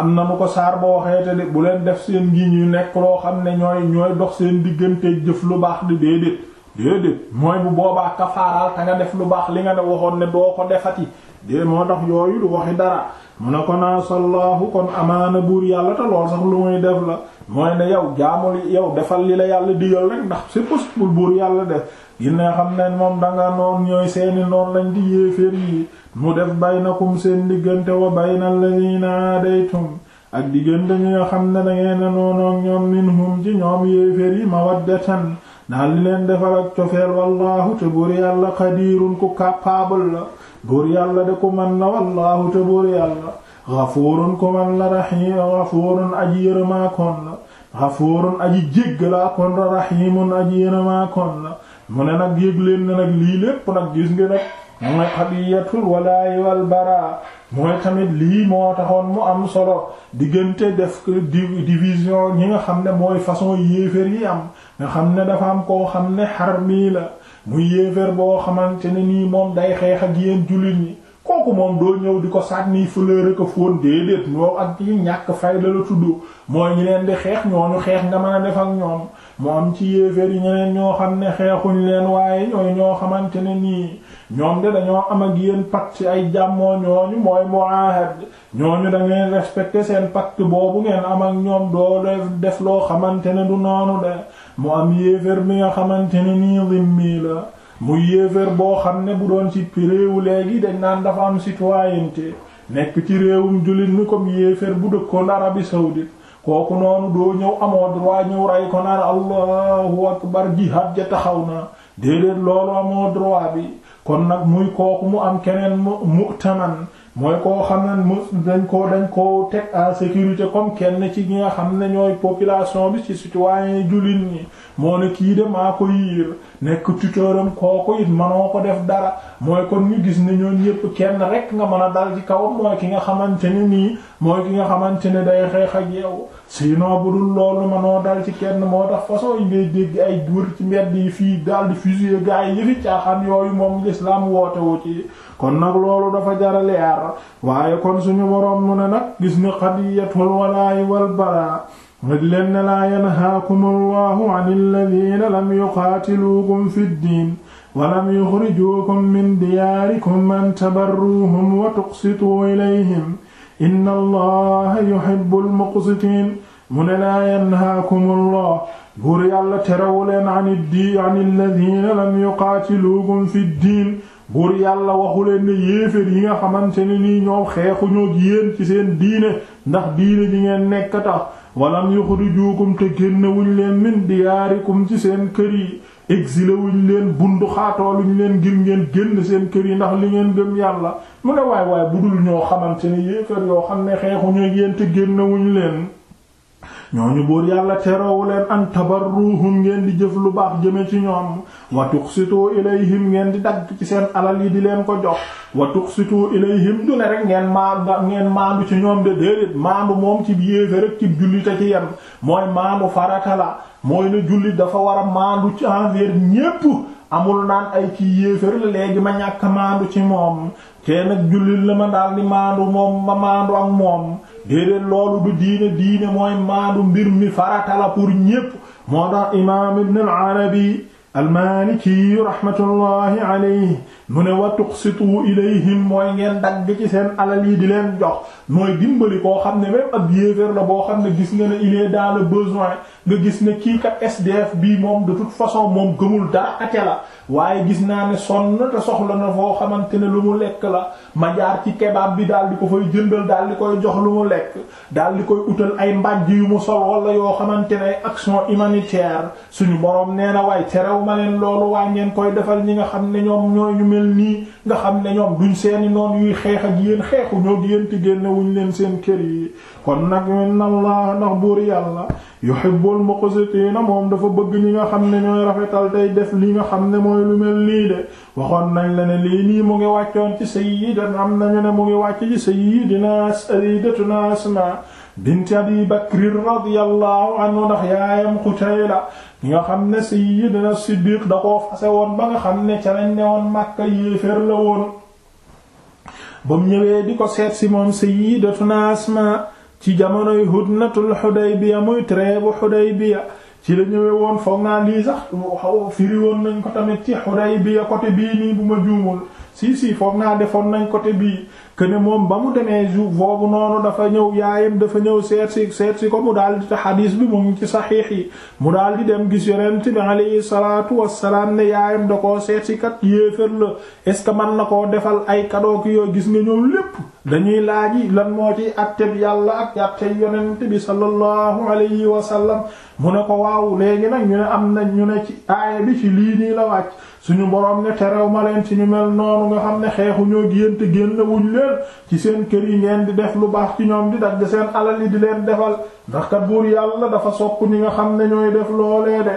am na mu ko saar boo waxee te de bu leen def seen ngi ñu nekk loo xam ne ñooy ñooy dox seen diggante jëf lu baax di déedéet déedéet mooy bu boobaa kafaaral te nga def lu baax li nga ne waxoon ne doo ko defati dée moo tax yooyu du waxi dara mu ne ko naasallahu kon amaana buur yàlla te lool sax lu muy def la mooy ne yow jaamul yow defal li la yàlla digal rek ndax c'est possible buur yàlla de ginnee xam ne moom danga noon ñooy seeni noon lañ di yéeféer mu def baynakum seen diggante wa bayna alladina aadaytum ak diggante ñi nga xam ne dangeen a noonoog ñoom minhum ci ñoom yéeféer yi mawaddatan daal li leen defal ak cofeel wallaahu te buur yàlla xadiirun ku capable la buur yàlla de ku man la wallaahu te buur yàlla xafuurun ku man la raxiim xafuurun aji yërëmaakoon la xafuurun aji jéggalaakoon la raxiimun aji yërëmaakoon la mu ne nag yëg leen ne lii lépp nag gis nga nag mooy qadiyatul walaayi wal baraa mooy tamit lii moo taxoon mu am solo diggante def division ñi nga xam ne mooy façon yéeféer yi am nga xam ne dafa am koo xam ne xarmii la muy yéeféer boo xamante ne nii moom day xeex ak yéen jullit ñi kooku moom doo ñëw di ko sànni fleur ak fóon déedéet ñoo ak yi ñàkk fayda la tudd di xeex ñooñu xeex nga def ak ñoom moo am ci yéeféer yi ñeneen ñoo xam ne xeexuñ leen waaye ñooy ñoo xamante ne nii ñoom de dañoo am ak yéen pacte ay jàmmoo ñooñu mooy muahad ñooñu da ngeen respecté seen pacte boobu ngeen am ak ñoom doo def loo xamante ne du noonu de mu am yéeféer bi nga xamante ne nii zimmi la mu yéeféer boo xam ne bu doon ci réewu léegi dañ naan dafa am citoyenneté nekk ci réewum jullit mi comme yéeféer bu dëkkoon Arabie saoudite kooku noonu doo ñëw amoo droit ñëw rey ko naan allahu akbar jihad ja taxaw na déedéet loolu amoo droit bi kon nag muy kooku mu am keneen mu mu'taman mooy koo xam ne mu dañ koo dañ koo teg à sécurité comme kenn ci ñi nga xam ne ñooy population bi ci citoyen jullit nii moo ne kii de maa ko yiir nekk tuteuram kooku it manoo ko def dara mooy kon ñu gis ne ñoon yépp kenn rek nga mën a dal ci kaw mooy ki nga xamante ne nii mooy ki nga xamante ne day xeex ak yow sinon bu dul loolu manoo dal ci kenn moo tax façon yi ngay dégg ay wër ci mbedd yi fii daal di fusillé gars yi yëfi caaxaan yooyu moom lislaam woote wu ci kon nag loolu dafa jarale yar waaye kon suñu boroom mu ne nag gis ni xadiyatul walaayi wa bara nag leen ne laa yanhaakum allahu an alladina lam ilayhim inna allaha yuhibbul muqsitiin mu ne laa yanhaakumullah buur yàlla terewuleen anid di anil ladina lam yuqaatiluukum fid diin buur yàlla waxuleen ne yéeféer yi nga xamante ne nii ñoom xeexuñoo yéen ci seen diine ndax diine ji ngeen nekk tax walam yuxrijuukum te génn wuñ leen min diyaarikum ci seen kër yi exilé wuñ leen bunduxaatooruñ leen ngir ngeen génn seen kër yi ndax li ngeen gëm yàlla mu ne waay waay bu dul ñoo xamante ne yéefar yoo xam ne xeexuñu yéen te génn wuñ leen ñooñu buur yàlla terewu leen an tabarruhum ngeen di jëf lu baax jëme ci ñoom wa tuqsitu ilayhim ngeen di dagg ci seen alal yi di leen ko jox wa tuqsitu ilayhim du ne rek ngeen maandu ngeen ci ñoom de déedéet maandu moom ci yéefe rek ci jullit a ci yem mooy maandu farata la mooy ne jullit dafa war a maandu ci envers ñépp amul naan ay ci yéefér la léegi ma ñàkk maandu ci moom te nag jullit la ma daal di maandu moom ma maandu ak moom déedéet loolu du diine diine mooy maandu mbir mi farata la pour ñépp moo tax imaam ibn al-Arabi al-Maliki rahmatullahi alayhi mu ne wa tuqsitu ilayhim mooy ngeen dagg ci seen alal yi di leen jox mooy dimbali koo xam ne même ab yéeféer la boo xam ne gis nga ne il est dans nga gis ne kii kat SDF bii moom da toute façon moom gëmul dara ate la waaye gis naa ne sonn te soxla na foo xamante ne lu mu lekk la ma ci kebab bi daal di ko fay jëndal daal di koy jox lu mu lekk daal di koy utal ay mbàjj yu mu sol la yoo xamante ne action humanitaire suñu boroom nee na waaye terew ma leen loolu waaye ngeen koy defal ñi nga xam ne ñoom ñoo ñu mel nii nga xam ne ñoom duñ seeni noon yuy xeex ak yéen xeexu ñoo di yéen ti génne leen seen kër yi kon nag min Allah ndax buur yuhibbul muqsitina moom dafa bëgg ñi nga xam ne ñooy rafetal tey def li nga xam ne mooy lu mel nii de waxoon nañ la ne lii nii mu ngi wàccoon ci sayyidan am nañu ne mu ngi wàcc ci sayyidina sayyidatuna Asma bint Abi Bakr radiyallahu anhu ndax yaayam Qutayla ñi nga xam ne sayyidina Siddiq da koo xam ne ca lañ ne woon Makka yéeféer la woon ba mu ñëwee di ko seet si moom sayyidatuna ci jamonoy hudnatul Hudaybiya muy trêve Hudaybiya ci la ñëwee woon foog naa lii sax firi woon nañ ko tamit ci Hudaybiya côté bii nii bu ma juumul si si foog naa defoon nañ côté bii que ne moom ba mu demee jour boobu noonu dafa ñëw yaayam dafa ñëw seet si seet ko mu daal di te xadiis bi mu ngi ci saxiix yi mu dal di dem gis yonent bi alayhi salaatu wassalaam ne yaayam da koo seet kat yéefar la est man que mën na koo defal ay cadeau ki yoo gis nga ñoom lépp dañuy laaji lan moo ci atteb yàlla ak atteb yonent bi sallallahu alayhi wa sallam mu ne ko waaw léegi nag ñu ne am na ñu ne ci aaya bi ci lii nii la wàcc suñu boroom ne terew ma leen ci ñu mel noonu nga xam ne xeexuñoo génn te génn wuñ leen ci seen kër yi ngeen di def lu baax ci ñoom di dagg seen alal yi di leen defal ndax kat buur yàlla dafa sopp ñi nga xam ne ñooy def loolee de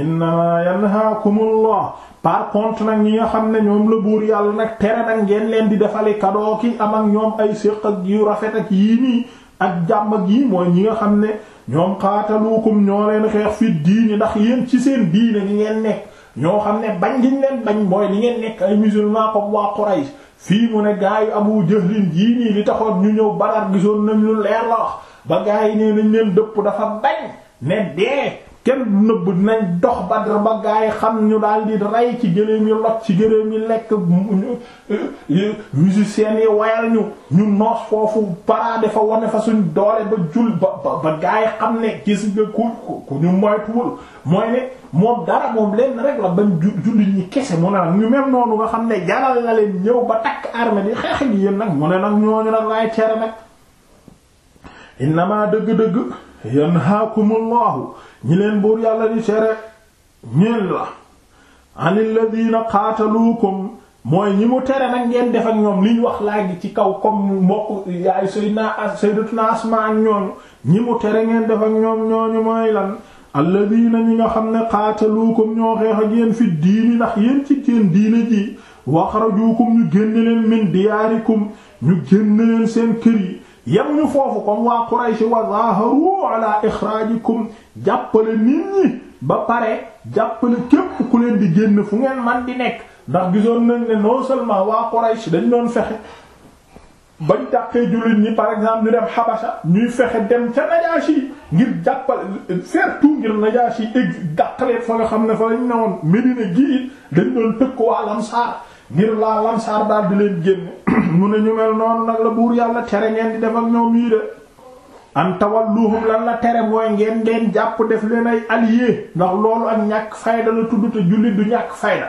innama yanhaakumullah par contre nag ñi nga xam ne ñoom la buur yàlla nag tere nag ngeen leen di defali kadoo ki am ak ñoom ay séq ak yu rafet ak yii nii ak jàmm ak yii mooy ñi nga xam ne ñoom xaataluukum ñoo leen xeex fi diini ndax yéen ci seen diine ñi ngeen nekk ñoo xam ne bañ giñ leen bañ mooy li ngeen nekk ay musulman comme waa Quraysh fii mu ne gaa yi Abu Jahlin yii nii li taxoon ñu ñëw Badar gisoon nañ lu leer la wax ba gaa yi nee nañ leen dëpp dafa bañ ne dee kenn nëbb dinañ dox Badr ba gaay xam ñu daal di rey ci gëléem ñu lot ci gëléem yi lekk euh, musiciens yi wayal ñu ñu noos foofu parade fa wane fa suñ doole ba jul ba ba gaay ne gis nga ku ku moom dara moom lenn rek la bañ mu ne nag ñu même noonu nga xam ne jaral na leen ñëw ba takk armée di xeex gi yéen nag mu ne nag ñooñu dëgg-dëgg yanhaakumullahu ñi leen buur yàlla di tere ñeen la anil ladina qaataluukum mooy ñi mu tere nag ngeen def ak ñoom liñ wax laagi ci kaw comme mbokk yaay sayyidina sayyidatuna Asma ak ñooñu ñi mu tere ngeen def ak ñoom ñooñu mooy lan alladina ñi nga xam ne qaataluukum ñoo xeex ak yéen fi diini ndax yéen ci seen diine ji waxrajuukum ñu génn leen min diyaarikum ñu génn leen seen kër yi ñu foofu comme waa Quraysh wa zaharu ala ixraajikum jàppale nit ñi ba pare jàppale képp ku leen di génn fu ngeen man di nekk ndax gisoon nañ ne non seulement waa Quraysh dañ doon fexe bañ dàqee jullit ñi par exemple ñu dem Habasha ñuy fexe dem ca Najashi ngir jàppale faire tout ngir Najashi egg dàqalee fa nga xam ne fa lañ newoon Medina gi it dañ doon tëkk waa Ansaar ngir laa lamsaar daal di leen génne [CLEARS THROAT] mu ne ñu mel noonu nag la buur yàlla tere ngeen di def ak ñoom yii de am tawalluhum lan la tere mooy ngeen leen jàpp def leen ay alliés ndax loolu ak ñàkk fayda la tudd te jullit du ñàkk fayda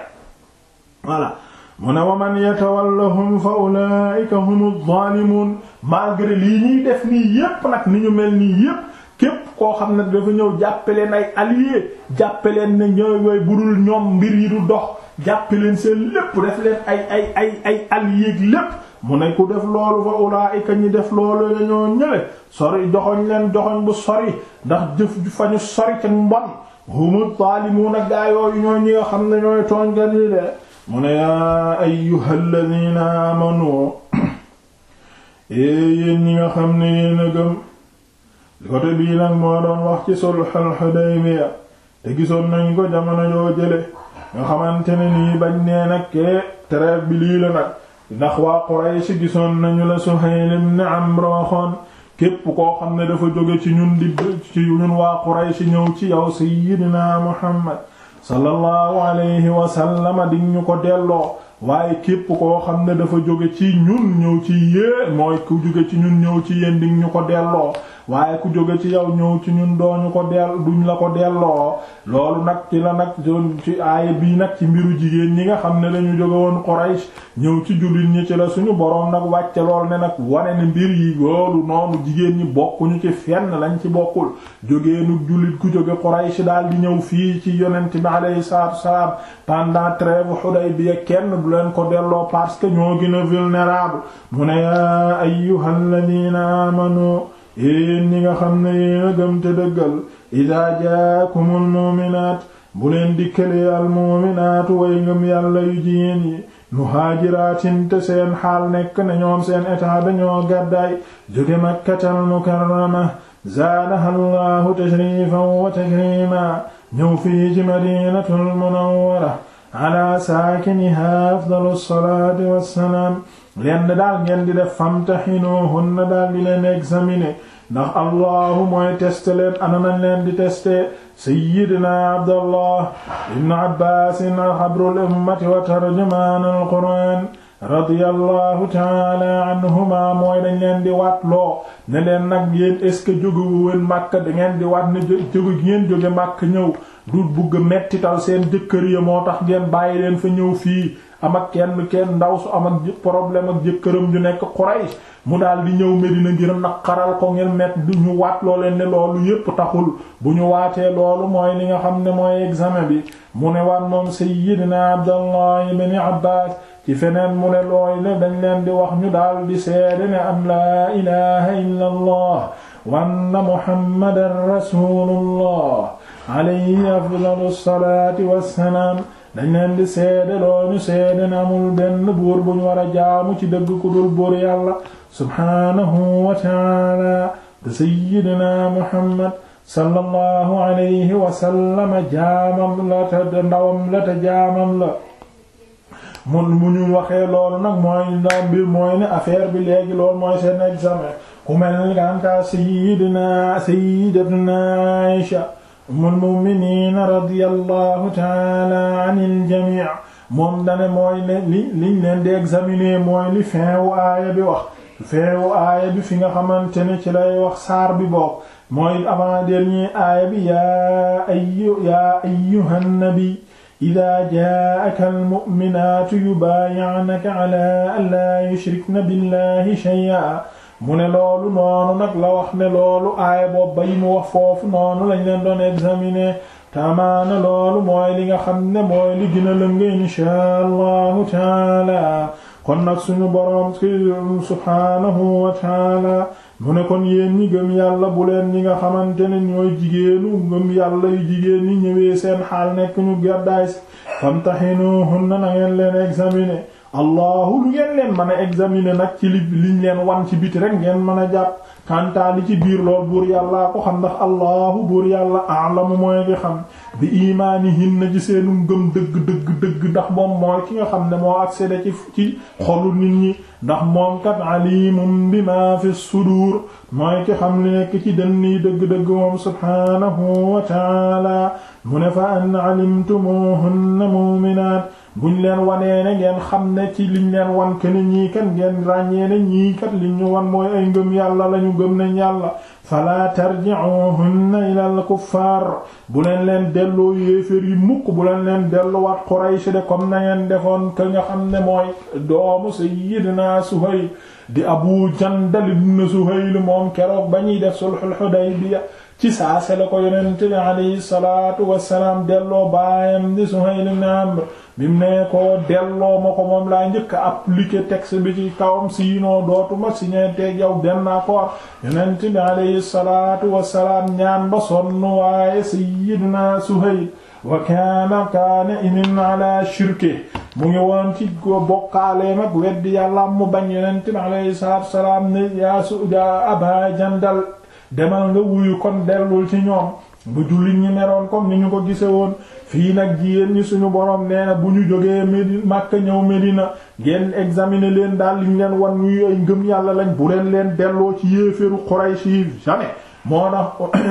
voilà mu ne wa man yatawallahum fa ulaika humu zalimun malgré lii ñuy def nii yépp nag ni ñu mel nii yépp képp koo xam ne dafa ñëw jàppaleen ay alliés jàppaleen ne ñooy yooy budul ñoom mbir yi du dox jàppe leen seen lépp def leen ay ay ay ay alliés lépp mu ne ku def loolu fa ulaayika ñi def loolu dañoo ñële sori joxoñ leen joxoñ bu sori ndax jëf fa ñu sori ca mbon humu zaalimuuna gaayooyu ñooy ñi nga xam ne ñooy tooñkat yi de mu ne yaa ayyuhal ladiina amanu yéen ñi nga xam ne yéen a gëm côté bii nag moo doon wax ci sulhul te gisoon nañ ko jamono yoo jële ñu xamante ne nii bañ nee nag ke eh, bi lii la nag ndax waa Quraysh gisoon nañu la Suhayl ibn am waxoon képp koo xam ne dafa jóge ci ñun di ci ñun waa Quraysh ñëw ci yow sayyidina Muhammad sallallahu alayhi wa sallam di ñu ko delloo waaye képp koo xam ne dafa jóge ci ñun ñëw ci yéen mooy ku jóge ci ñun ñëw ci yéen di ñu ko delloo waaye ku jóge ci yow ñëw ci ñun dooñu ko dell duñ la ko delloo loolu nag ci la nag ci aaya bii nag ci mbiru jigéen ñi nga xam ne lañu jóge woon Quraysh ñëw ci jullit ñi ci la suñu boroom nag wàcce lool ne nag wane ne mbir yi loolu noonu jigéen ñi bokkuñu ci fenn lañ ci bokkul jógeenu jullit ku jóge Quraysh daal di ñëw fii ci yonent bi alayhi salaatu wassalaam pendant trêve Hudaybiya kenn du leen ko delloo parce que ñoo gën a vulnérable mu ne yaa ayyuhal ladina amanu yéen ñi nga xam ne yéen a gëm te dëggal idaa jaakumul mu'minaat bu leen dikkalee al mu'minaatu way ngëm yàlla yu jigéen yi muhaajiraatin te seen xaal nekk na ñoom seen état dañoo gàddaay jóge makkatal mukarrama zaadahallahu tashrifan wa takrima ñëw fii ci madinatul munawwara ala saakiniha afdalu salaati wassalaam lenn daal ngeen di def famtahinuhunna daal di leen examiner ndax allahu mooy teste leen ananañ leen di teste sayyidina abdallah ibn abbasin habrul ummati wa tarjumaan alquran radiyallahu taala anhuma mooy dañ di waat loo ne leen nag yéen est-ce que jógewu ween ngeen di waat ne jóge ngeen jóge màkk ñëw du bugg mettital seen jëkkër ya moo tax ngeen bàyyi leen fa ñëw fii am ak kenn kenn ndaw su am ak problème ak jëkkëram ju nekk Quraysh mu daal di ñëw Medina ngir naqaral ko ngir met du ñu waat loo leen ne loolu yépp taxul bu ñu waatee loolu mooy li nga xam ne mooy examen bi mu ne waan moom Sayyidina Abdallah ibn Abbas ci feneen mu ne looy le dañ leen di wax ñu daal di seede ne am laa ilaha illa allah wa muhammadan rasulullah alayhi afdalu salaati wassalaam dañ leen seede loo seede ne amul benn buur bu a jaamu ci dëgg ku dul buur yàlla subhaanahu wa taala te sayyidina muhammad sallallahu alayhi wa sallama jaamam mun mu ñu waxee loolu nag mooy mooy ne affaire bi léegi ku mel ni nga am taa mul muminina radiyallahu taala anil jamii moom dane mooy ne li liñ leen di examiner mooy li fin wu aaya bi wax fin wu aaya bi fi nga xamante ne ci lay wax saar bi bokk mooy avant dernier aaya bi yaa ayu yaa ayyuhan nabi ida jaaka almuminaatu yubaayi'naka ala an laa yushrikna billahi shay'a mu ne loolu noonu nag la wax ne loolu aaya ba yi mu wax foofu noonu lañ leen doon examiner tamaana loolu mooy li nga xam ne mooy li gën a lëng inshaa allahu taala kon nag suñu boroom subhaanahu wa taala mu ne kon yéen ñi gëm yàlla bu leen ñi nga xamante ne ñooy jigéenu gëm yàlla yu jigéen ñi ñëwee seen xaal nekk ñu gàddaay si famtahinuhunna na ngeen leen examiner allahu lu ngeen leen mën a examiner nag ci li liñ leen wan ci biti rek ngeen mën a jàpp kantaali ci biir lool buur yàlla ko xam ndax allahu buur yàlla a alamu mooy ngi xam bi imaanihin na ci seenum gëm dëgg dëgg dëgg ndax moom mooy ki nga xam ne moo accédé ci ci xolu nit ñi ndax moom kat alimum bima fi sudur mooy ki xam li nekk ci dënn yi dëgg-dëgg moom subhanahu wa taala mu ne fa an alimtumuhunna mu'minat buñ leen wanee ne ngeen xam ne ci liñ leen wan ke ne ñii kat ngeen ràññee ne ñii kat liñ ñu wan mooy ay ngëm yàlla lañu gëm nañ yàlla fala tarji'uhunna ila al-kuffar bu leen leen delloo yéefér yi mukk bu leen leen delluwaat Quraysh de comme na ngeen defoon ke nga xam ne mooy doomu su Suhayl di Abu Jandal ibn Suhayl moom keroog ba ñuy def sulhul Hudaybiya ci saase la ko yonent bi alayhi salaatu wassalaam delloo baayam di Suhayl ibn Amr bi mu ne ko delloo ma ko moom laa njëkk a appliquer bi ci kawam siinoo dootuma signé te yow benn accord yonent bi alayhi salaatu wassalaam ñaan ba sonn waaye sayyidina Suhayl wa kaana kaana imin ala shirke mu ngi woon ci bokkaale mag weddi yàlla mu bañ yonent bi alayhi salaatu ne yaa su yaa Abaa demal nga wuyu kon dellul ci ñoom bu jullit ñi meroon comme ni ñu ko gise woon fii nag jiyéen ñi suñu borom nee na bu ñu jógee Médina Makka ñëw Médina ngeen examiner leen daal liñ leen wan ñuy ay ngëm yàlla lañ bu leen leen delloo ci yéeféru Quraysh yi jamais moo tax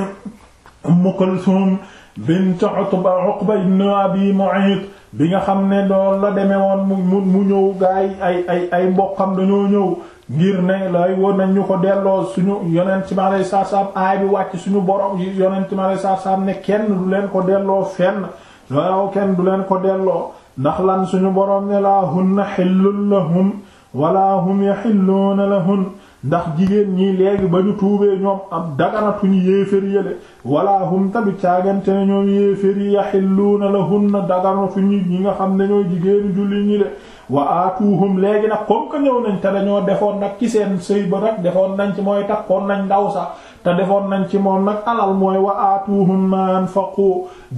Umm [COUGHS] Kulsum bint Utba Uqba ibn Abi Mu'ayt bi nga xam ne doon la demee woon mu mu ñëw gaay ay ay ay mbokkam dañoo ñëw ngir ne lay woon nañ ñu ko delloo suñu yonent ci ma saa sarsam aay bi wàcc suñu borom yi yonent ci ma lay sarsam ne kenn du leen ko delloo fenn loraw kenn du leen ko delloo ndax lan suñu borom ne laa hunna xillun lahum wala hum yaxilluuna lahun ndax jigéen ñi léegi ba ñu tuubee ñoom am daganatuñu yéefér yële wala hum tadu caagante ne ñoom yéefér yi la lahun na daganatuñu ñi nga xam ne ñooy jigéenu julli ñi le wa aatuhum léegi nag comme que nañ te dañoo defoon nag ci seen sëy ba nag defoon nañ ci mooy takkoon nañ ndaw sax te defoon nañ ci moom nag alal mooy wa aatuhum ma anfaqu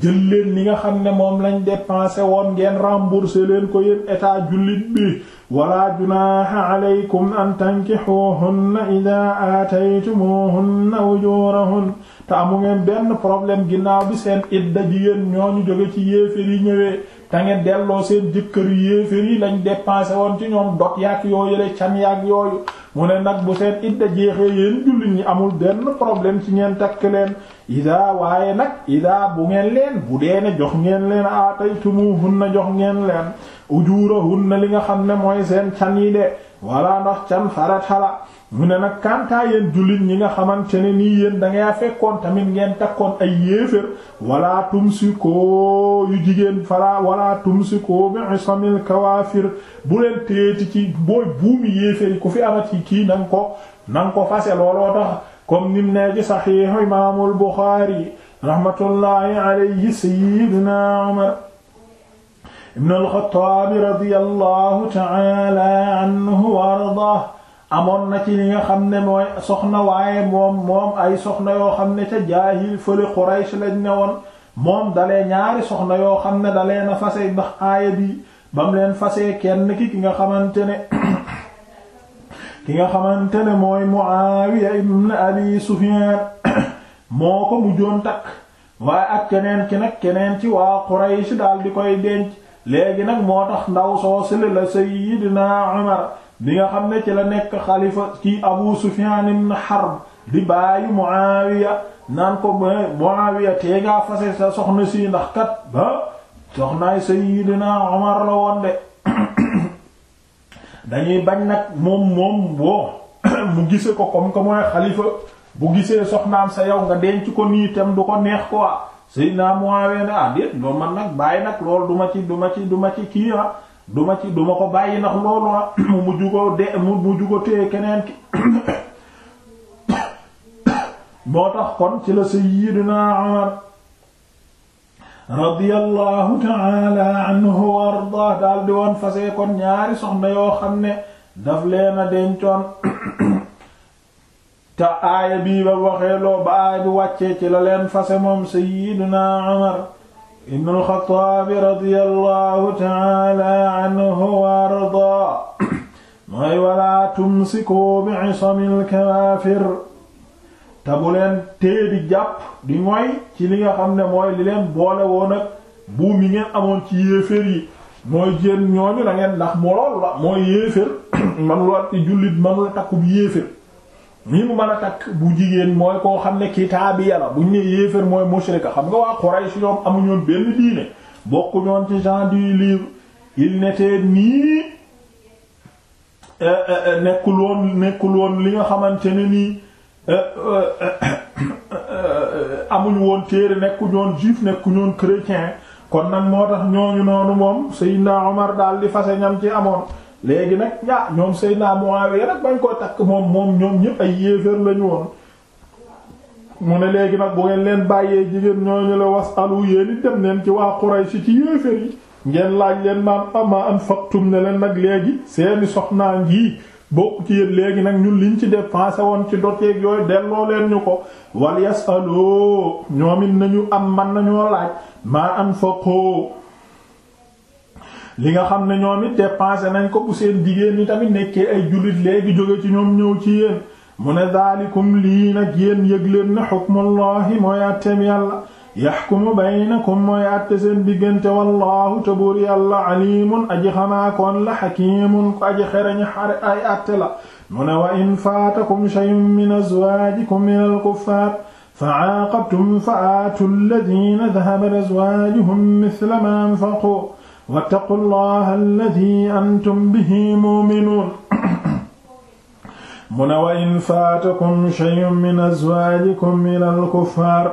jël leen li nga xam ne moom lañ dépensé woon ngeen remboursé leen ko yéen état jullit bi wala junaha alaykum an tankixuhunna ida aataytumuhunna ujurahun te amu ngeen benn problème ginnaaw bi seen idda jigéen ñooñu jóge ci yéefér yi ñëwee ta ngeen delloo seen jëkkër yu yéefér yi lañ dépensé woon ci ñoom dot yàgg yooyu la can yàgg yooyu mu ne nag bu seen idda jeexee yéen jullit ñi amul benn problème ci ngeen takk leen ida waaye nag ida bu ngeen leen bu dee ne jox ngeen leen a na jox ngeen leen na li nga xam ne mooy seen can yi de voilà ndax can xarat xala mu ne nag kantaa yéen jullit nga xamante ne nii yéen da ngay fekkoon tamit ngeen takkoon ay yéefér wala tumsikoo yu jigéen fala wala tumsikoo bi isamil kawaafir bu leen téeti ci booy buumi yéefér yi ku fi amati kii nanga ko nanga ko fase looloo nim nee ci imaamul Buxaari rahmatullahi alayhi sayyidina ibn al-Xattaab radiyallahu ta'ala anhu wa amoon na ci li nga xam ne mooy soxna waaye moom moom ay soxna yoo xam ne ca jaahil fële Quraysh lañ ne woon moom dalee ñaari soxna yoo xam ne dalee na fase ndax aaya bi bam leen fase kenn ki ki nga xamante ne [COUGHS] ki nga xamante ne mooy Muawiya ibn Abi Sufyaan [COUGHS] moo ko mujjoon takk waaye ak keneen ki nag keneen ci waa Quraysh daal di koy denc léegi nag moo tax ndaw soo sili la sayyidina Umar bi nga xam ne ci la nekk xalifa ci Abu Sufyan ibn Harb di bàyyi Muawiya naan ko Muawiya tee ngaa fase sa soxna si ndax kat ba soxnaay sayyidina Umar la woon de [COUGHS] dañuy bañ nag moom moom boo [COUGHS] mu gise ko comme que mooy xalifa bu gisee soxnaam sa yow nga denc ko nii tam du ko neex quoi Seydina Muawiya ne ah déet man nag bàyyi nag loolu du ma ci du ci du ma ci kii ah, ko bàyyi ndax loolu ah [CLEARS THROAT] mu mujj ko de [COUGHS] moo tax kon ci la Seydina Umar radiyallahu ta'ala anhu wa ardaa daal di woon fase ñaari soxna yoo daf leen a te aaya bii ba waxee loo ba aaya bi wàccee ci la leen fase moom sayyiduna Umar ibn al-Khattab radiyallahu ta'ala anhu mooy walaa tumsiku bi'isamil kawaafir te bu leen tee jàpp di mooy ci li nga xam ne mooy li leen boole woon buum yi ngeen amoon ci yéeféer yi mooy jéen ñooñu la ngeen ndax moo loolu la mooy yéeféer [COUGHS] man la ci jullit man la takkub yéeféer ñi mu mën a takk bu jigéen mooy koo xam ne kitaabiya la buñ ne yéefér mooy mushrika xam nga waa Quraysh ñoom amuñoon benn diine bokku ñoon ci genre du livre il n'était nii euh, euh, euh, nekkul woon nekkul woon li nga xamante ne nii [COUGHS] amuñ woon téere nekku ñoon juif nekku ñoon chrétien kon nag moo tax ñooñu noonu moom Seydina Omar daal di fase ñam ci amoon léegi nag ah ñoom Seydina Muawiya nag bañ koo takk moom moom ñoom ñëpp ay yéeféer lañu woon mu ne léegi nag bu ngeen leen bàyyee jigéen ñooñu la was alu yéen dem leen ci waa Quraysh ci yéeféer yi ngeen laaj leen naan ama an faktum ne leen nag léegi seeni soxnaa ngii bokk ci yéen léegi nag ñun liñ ci dépensé woon ci doteeg yooyu delloo leen ñu ko wal yas aloo ñoom it nañu am man nañoo laaj maa an faqoo li nga xam ne ñoom it dépensé nañ ko bu seen jigéen ñi tamit nekkee ay jullit léegi jóge ci ñoom ñëw ci yéen mu ne daalikum lii nag yéen yëg leen ne xukmullahi mooy àtteem yàlla yaxkumu baynakum mooy àtte seen diggante wallahu te buur yàlla alimun aji xamaakoon la xakimun ko aji xereñ xare ay àtte la mu ne wa in faatakum shay'un min azwaajikum min alkuffaar fa aaqabtum fa aatu alladina dahaba azwaajuhum mithla ma anfaqu wattaqu llaha alladi antum bihi muminuun mu ne wa in faatakum shay'un min azwaajikum ila alkuffaar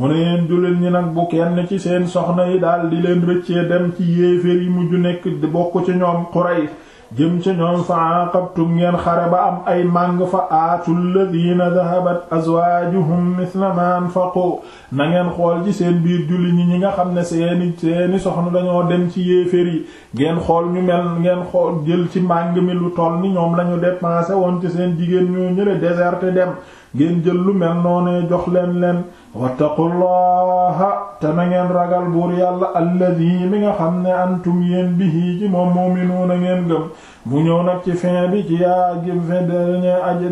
mu ne yeen jullit ñi nag bu kenn ci seen soxna yi daal di leen rëccee dem ci yéeféer yi mujj nekk bokk ci ñoom Quraysh jëm ca ñoom fa aaqabtum ngeen xare ba am ay màng fa a aatu lladina dahabat azwaajuhum mithla ma anfaqu na ngeen xool ci seen biir julli ñi ñi nga xam ne seeni seeni soxna dañoo dem ci yéefér yi ngeen xool ñu mel ngeen xool jël ci màng mi lu toll ni ñoom lañu dépensé woon ci seen jigéen ñoo ñële déserté dem ngeen jël lu mel noonee jox leen leen wattaqullaha te na ngeen ragal buur yàlla alladi mi nga xam ne antum yéen bihi ci moom a ngeen gëm mu ñëw nag ci fin bi ci yaa gi fin dernier aje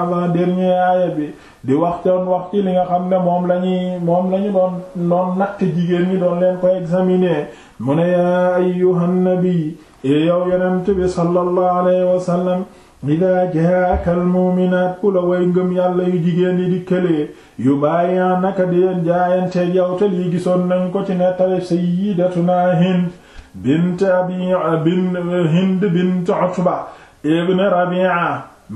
avant dernier aaya bi di wax wax ci li nga xam ne moom lañuy moom lañu doon doon natt jigéen ñi doon leen ko examiner mu ne yaa ayyuhan nabi e yow yonent bi sallallahu alayhi wa sallam idaa jaaka almuuminaat ku la way ngëm yàlla yu jigéen yi di këlee yu bàyyaa naka di leen jaayante jawte lii gisoon nañ ko ci nettale sayyidatuna hind bint abi bin hind bint utba ibn rabi'a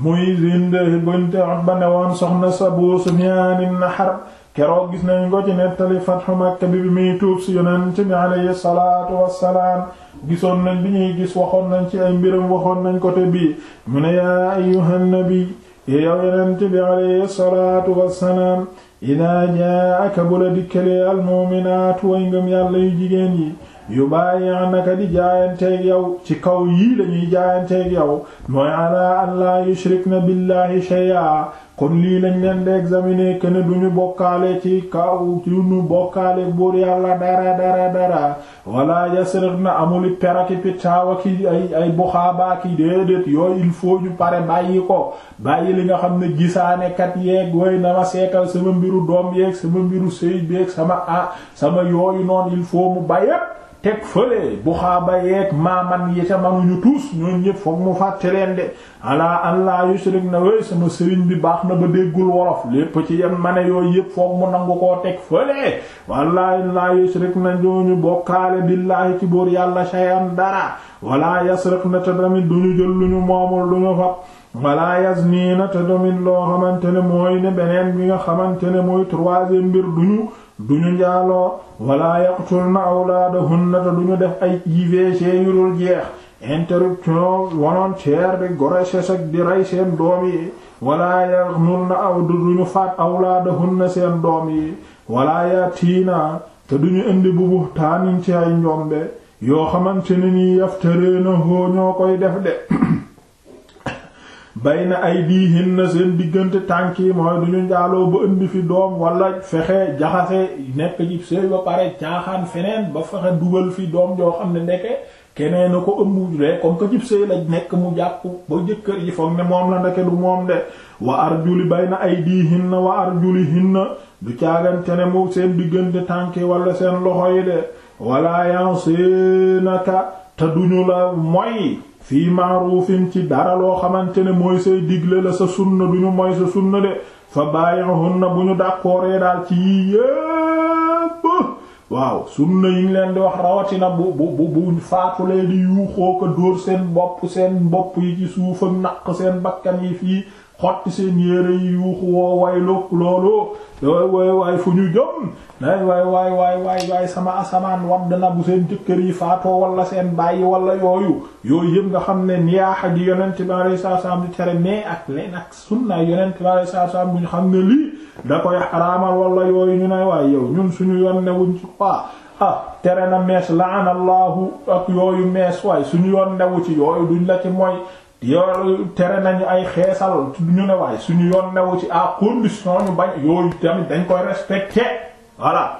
muy hind bint utba ne woon soxna sa abu sufyaan ibn harb keroog gis nañu ko ci nettali fathu Makka bi bi muy tuub si yonent bi alayhi salaatu wassalaam gisoon nañ bi ñuy gis waxoon nañ ci ay mbiram waxoon nañ côté bii mu ne yaa ayyuhan nabi yow yonent bi alayhi salaatu wassalaam idaa jaa'aka bu la dikkalee almu'minaat way ngëm yàlla yu jigéen yi yu bàyyi'naka di jaayanteeg yow ci kaw yii lañuy jaayanteeg yow mooy alaa an laa yushrikna billaahi shay'a kon lii lañ leen di examiner kenn duñu bokkaale ci kaw duñu bokkaale buur yàlla dara dara dara wala yasriq na amuli peraki pitaawa ki ay ay ki déedéet yooyu il faut ñu pare bàyyi ko bàyyi li nga xam ne gisaanekat yeeg way na ma seetal sama mbiru doom yeeg sama mbiru sëy beeg sama ah sama yooyu noonu il faut mu bàyyépp teg fële bu xaaba yeeg yi ca manuñu tuus ñooñu ñëpp foog mu fàtte leen de ala allah yushrik na way sama sëriñ bi baax na ba déggul wolof lépp ci yem ma ne yooyu yëpp foog mu nangu ko teg fële wallaahi laa yushrik na ñooñu bokkaale billaahi ci buur yàlla shay'an dara wala yasriq na te tamit du ñu jël lu ñu moomul lu ñu fab wala yazni na te tamit loo xamante ne mooy ne beneen bi nga xamante ne mooy troisième mbir duñu duñu njaaloo wala yaqtulna awlaadahunna te duñu def ay IVG yu dul jeex interruption wonoon ceer di grossesse ak di rey seen doom wala na aw du duñu faat na seen doom yi wala yatiina te duñu indi bu buhtaanin ci ay njombe yoo xamante ni nii yaftareena hoo ñoo koy def de [COUGHS] bayna aydihinna seen diggante tànk yi mooy duñu njaaloo ba indi fi doom wala fexe jaxase nekk ci sëy ba pare caaxaan feneen ba fexe dugal fi doom joo xam ne ndeke keneen na ko ëmbujulee comme que cib sëy la nekk mu jàpp ba jëkkër ji foog ne moom la ndeke du moom de wa arjuli bayna aydihinna wa arjulihinna du caagante ne mu seen diggante tànk yi wala seen loxo yi de na ka te du ñu la moy fii ma'rufin ci dara loo xamante ne mooy say digle la sa sunna duñu moy sa sunna de fa bàyyihunna bu ñu d'accordee daal ci yii yépp waaw sunna yi ñu leen di wax rawatina bu bu bu bu faatulee di yuuxoo ko dóor seen bopp seen bopp yi ci suufam naq seen bakkan yi fii xotti seen yére yi yuuxu woo way lok loolu waay waay fu ñu jëm waay waay waay waay waay sama asamaan wadd na bu seen jëkkër yi faatoo wala seen bàyyi wala yooyu yooyu yëpp nga xam ne niyaaxa gi yonent bi alayhi salaam di tere mais ak leen ak sunna yonent bi alayhi salaam bu ñu xam ne lii da koy xaraamal wala yooyu ñu ne waay yow ñun suñu yoon ne wuñ ci pa ah tere na mees laanallahu ak yooyu mees waay suñu yoon newu ci yooyu duñ la ci mooy yor tere nañu ay xeesal ñu ne waaye suñu yoon newu ci à condition ñu bañ yooyu tamit dañ koy respecté voilà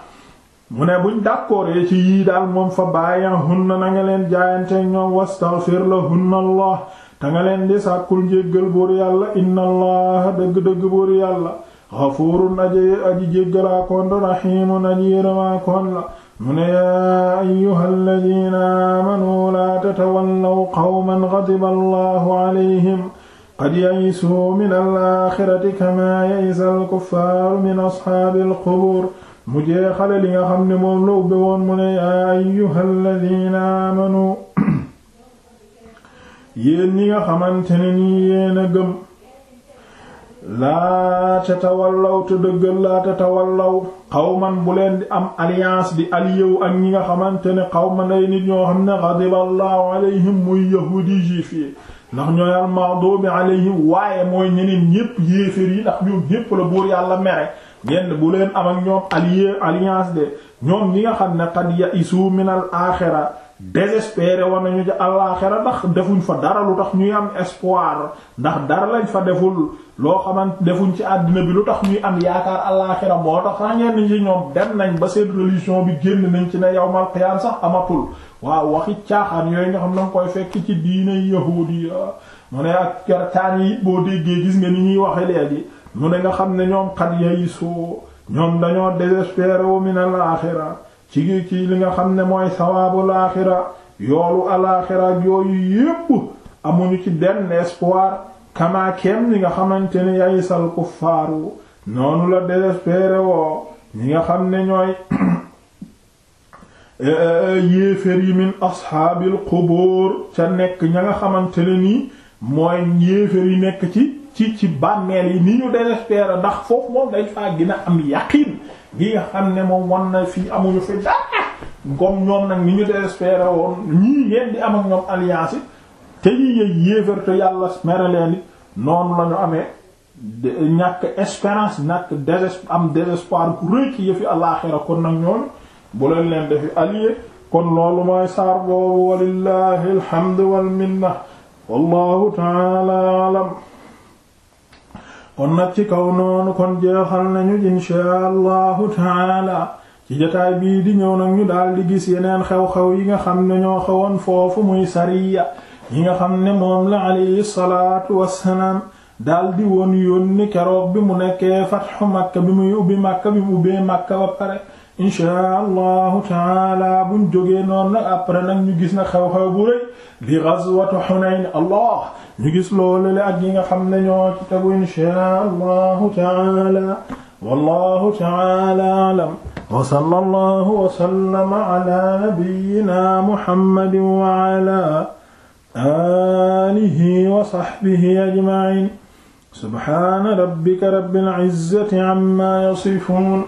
mu ne buñ d'accord ci yii daal moom fa bàyyahunna na nga leen jaayante ñoom wastaghfir lahunna allah te nga leen di sàkkul njéggal buur yàlla inna allah dëgg-dëgg buur yàlla ghafurun aji aji jéggalaakoon rahimun aji yërëmaakoon la mu ne yaa ayyuha alladina aamanu laa tatawallaw qawman ghadiba allahu alayhim qad yayisuu min alaaxirati kamaa yayisa alkuffaaru min asxaabi alqubuur mu jeexale li nga xam ne moom la ubbe woon mu ne yaa ayyuha alladina aamanu yéen ñi nga xamante ne nii yéen a gëm laa tatawallaw te dëggal laa tatawallaw xawman bu leen di am alliance di alliéwu ak ñi nga xamante ne xawman ay nit ñoo xam ne xadiballaahu alayhim muy yahuudi juif yi ndax ñooy al waaye mooy ñeneen ñépp yéeféer yi ndax ñoom ñépp la buur yàlla mere ñenn bu leen am ak ñoom allié alliance de ñoom ñi nga xam ne qad ya'isu minal aaxira désespéré war nañu ci alaaxira ndax defuñ fa dara lu tax ñuy am espoir ndax dara lañ fa deful loo xamante defuñ ci àddina bi lu tax ñuy am yaakaar alaaxira moo tax sax ñenn ñi ñoom dem nañ ba seen religion bi génn nañ ci ne yawmal qiyaam sax amatul waaw waxi caaxaan yooyu nga xam na nga koy fekk ci diine yahudiya mu ne ak kercaan yi boo déggee gis nga ni ñuy waxe léegi mu ne nga xam ne ñoom xat yayisu ñoom dañoo désespéré wu min al axira ci gi ci li nga xam ne mooy sawaabul axira yoolu al axira yooyu yépp amuñu ci denn espoir kama li nga xamante ne yayisal kuffaaru noonu la désespéré woo ñi nga xam ne ñooy [CLEARS THROAT] yéeféer yi min ashaabil qubur ca nekk ña nga xamante ne nii mooy yéeféer yi nekk ci ci ci bàmmeel yi ni ñu désespéré ndax foofu moom dañ faa gën a am yaqiin gi nga xam ne moom wan na fii amuñu fi dara comme ñoom nag ni ñu désespéré woon ñii ngeen di am alliance te ñi yëy yéefar te yàlla mere leen noonu la ñu amee ñàkk espérance ñàkk déses am désespoir ku rëy ci yëfi alaaxira kon nag ñoom bu leen leen defi allié kon loolu mooy saar boobu alhamdu wal minna wallahu kon nag ci kaw noonu kon jeexal nañu inshaa allahu taala ci jotaay bii di ñëw nag ñu daal gis yeneen xew-xew yi nga xam ne ñoo xewoon foofu muy sariya yi nga xam ne moom la alayhi salaatu wassalaam daal di woon yónni keroog bi mu nekkee fatxu makka bi muy ubbi makka bi mu ubbee makka ba pare inchaa allahu taala buñ jógee noonu nag après nag ñu gis na xew-xew bu rëy di ghazwatu Hunayn allah ñu gis loolu le ak yi nga xam ne ñoo ci tegu inchaa allahu taala wallahu taala alam wa sallallahu wa sallama ala nabiyyina muhammadin wa ala alihi wa sahbihi ajma'in subhana rabbika rabbil izzati amma yasifun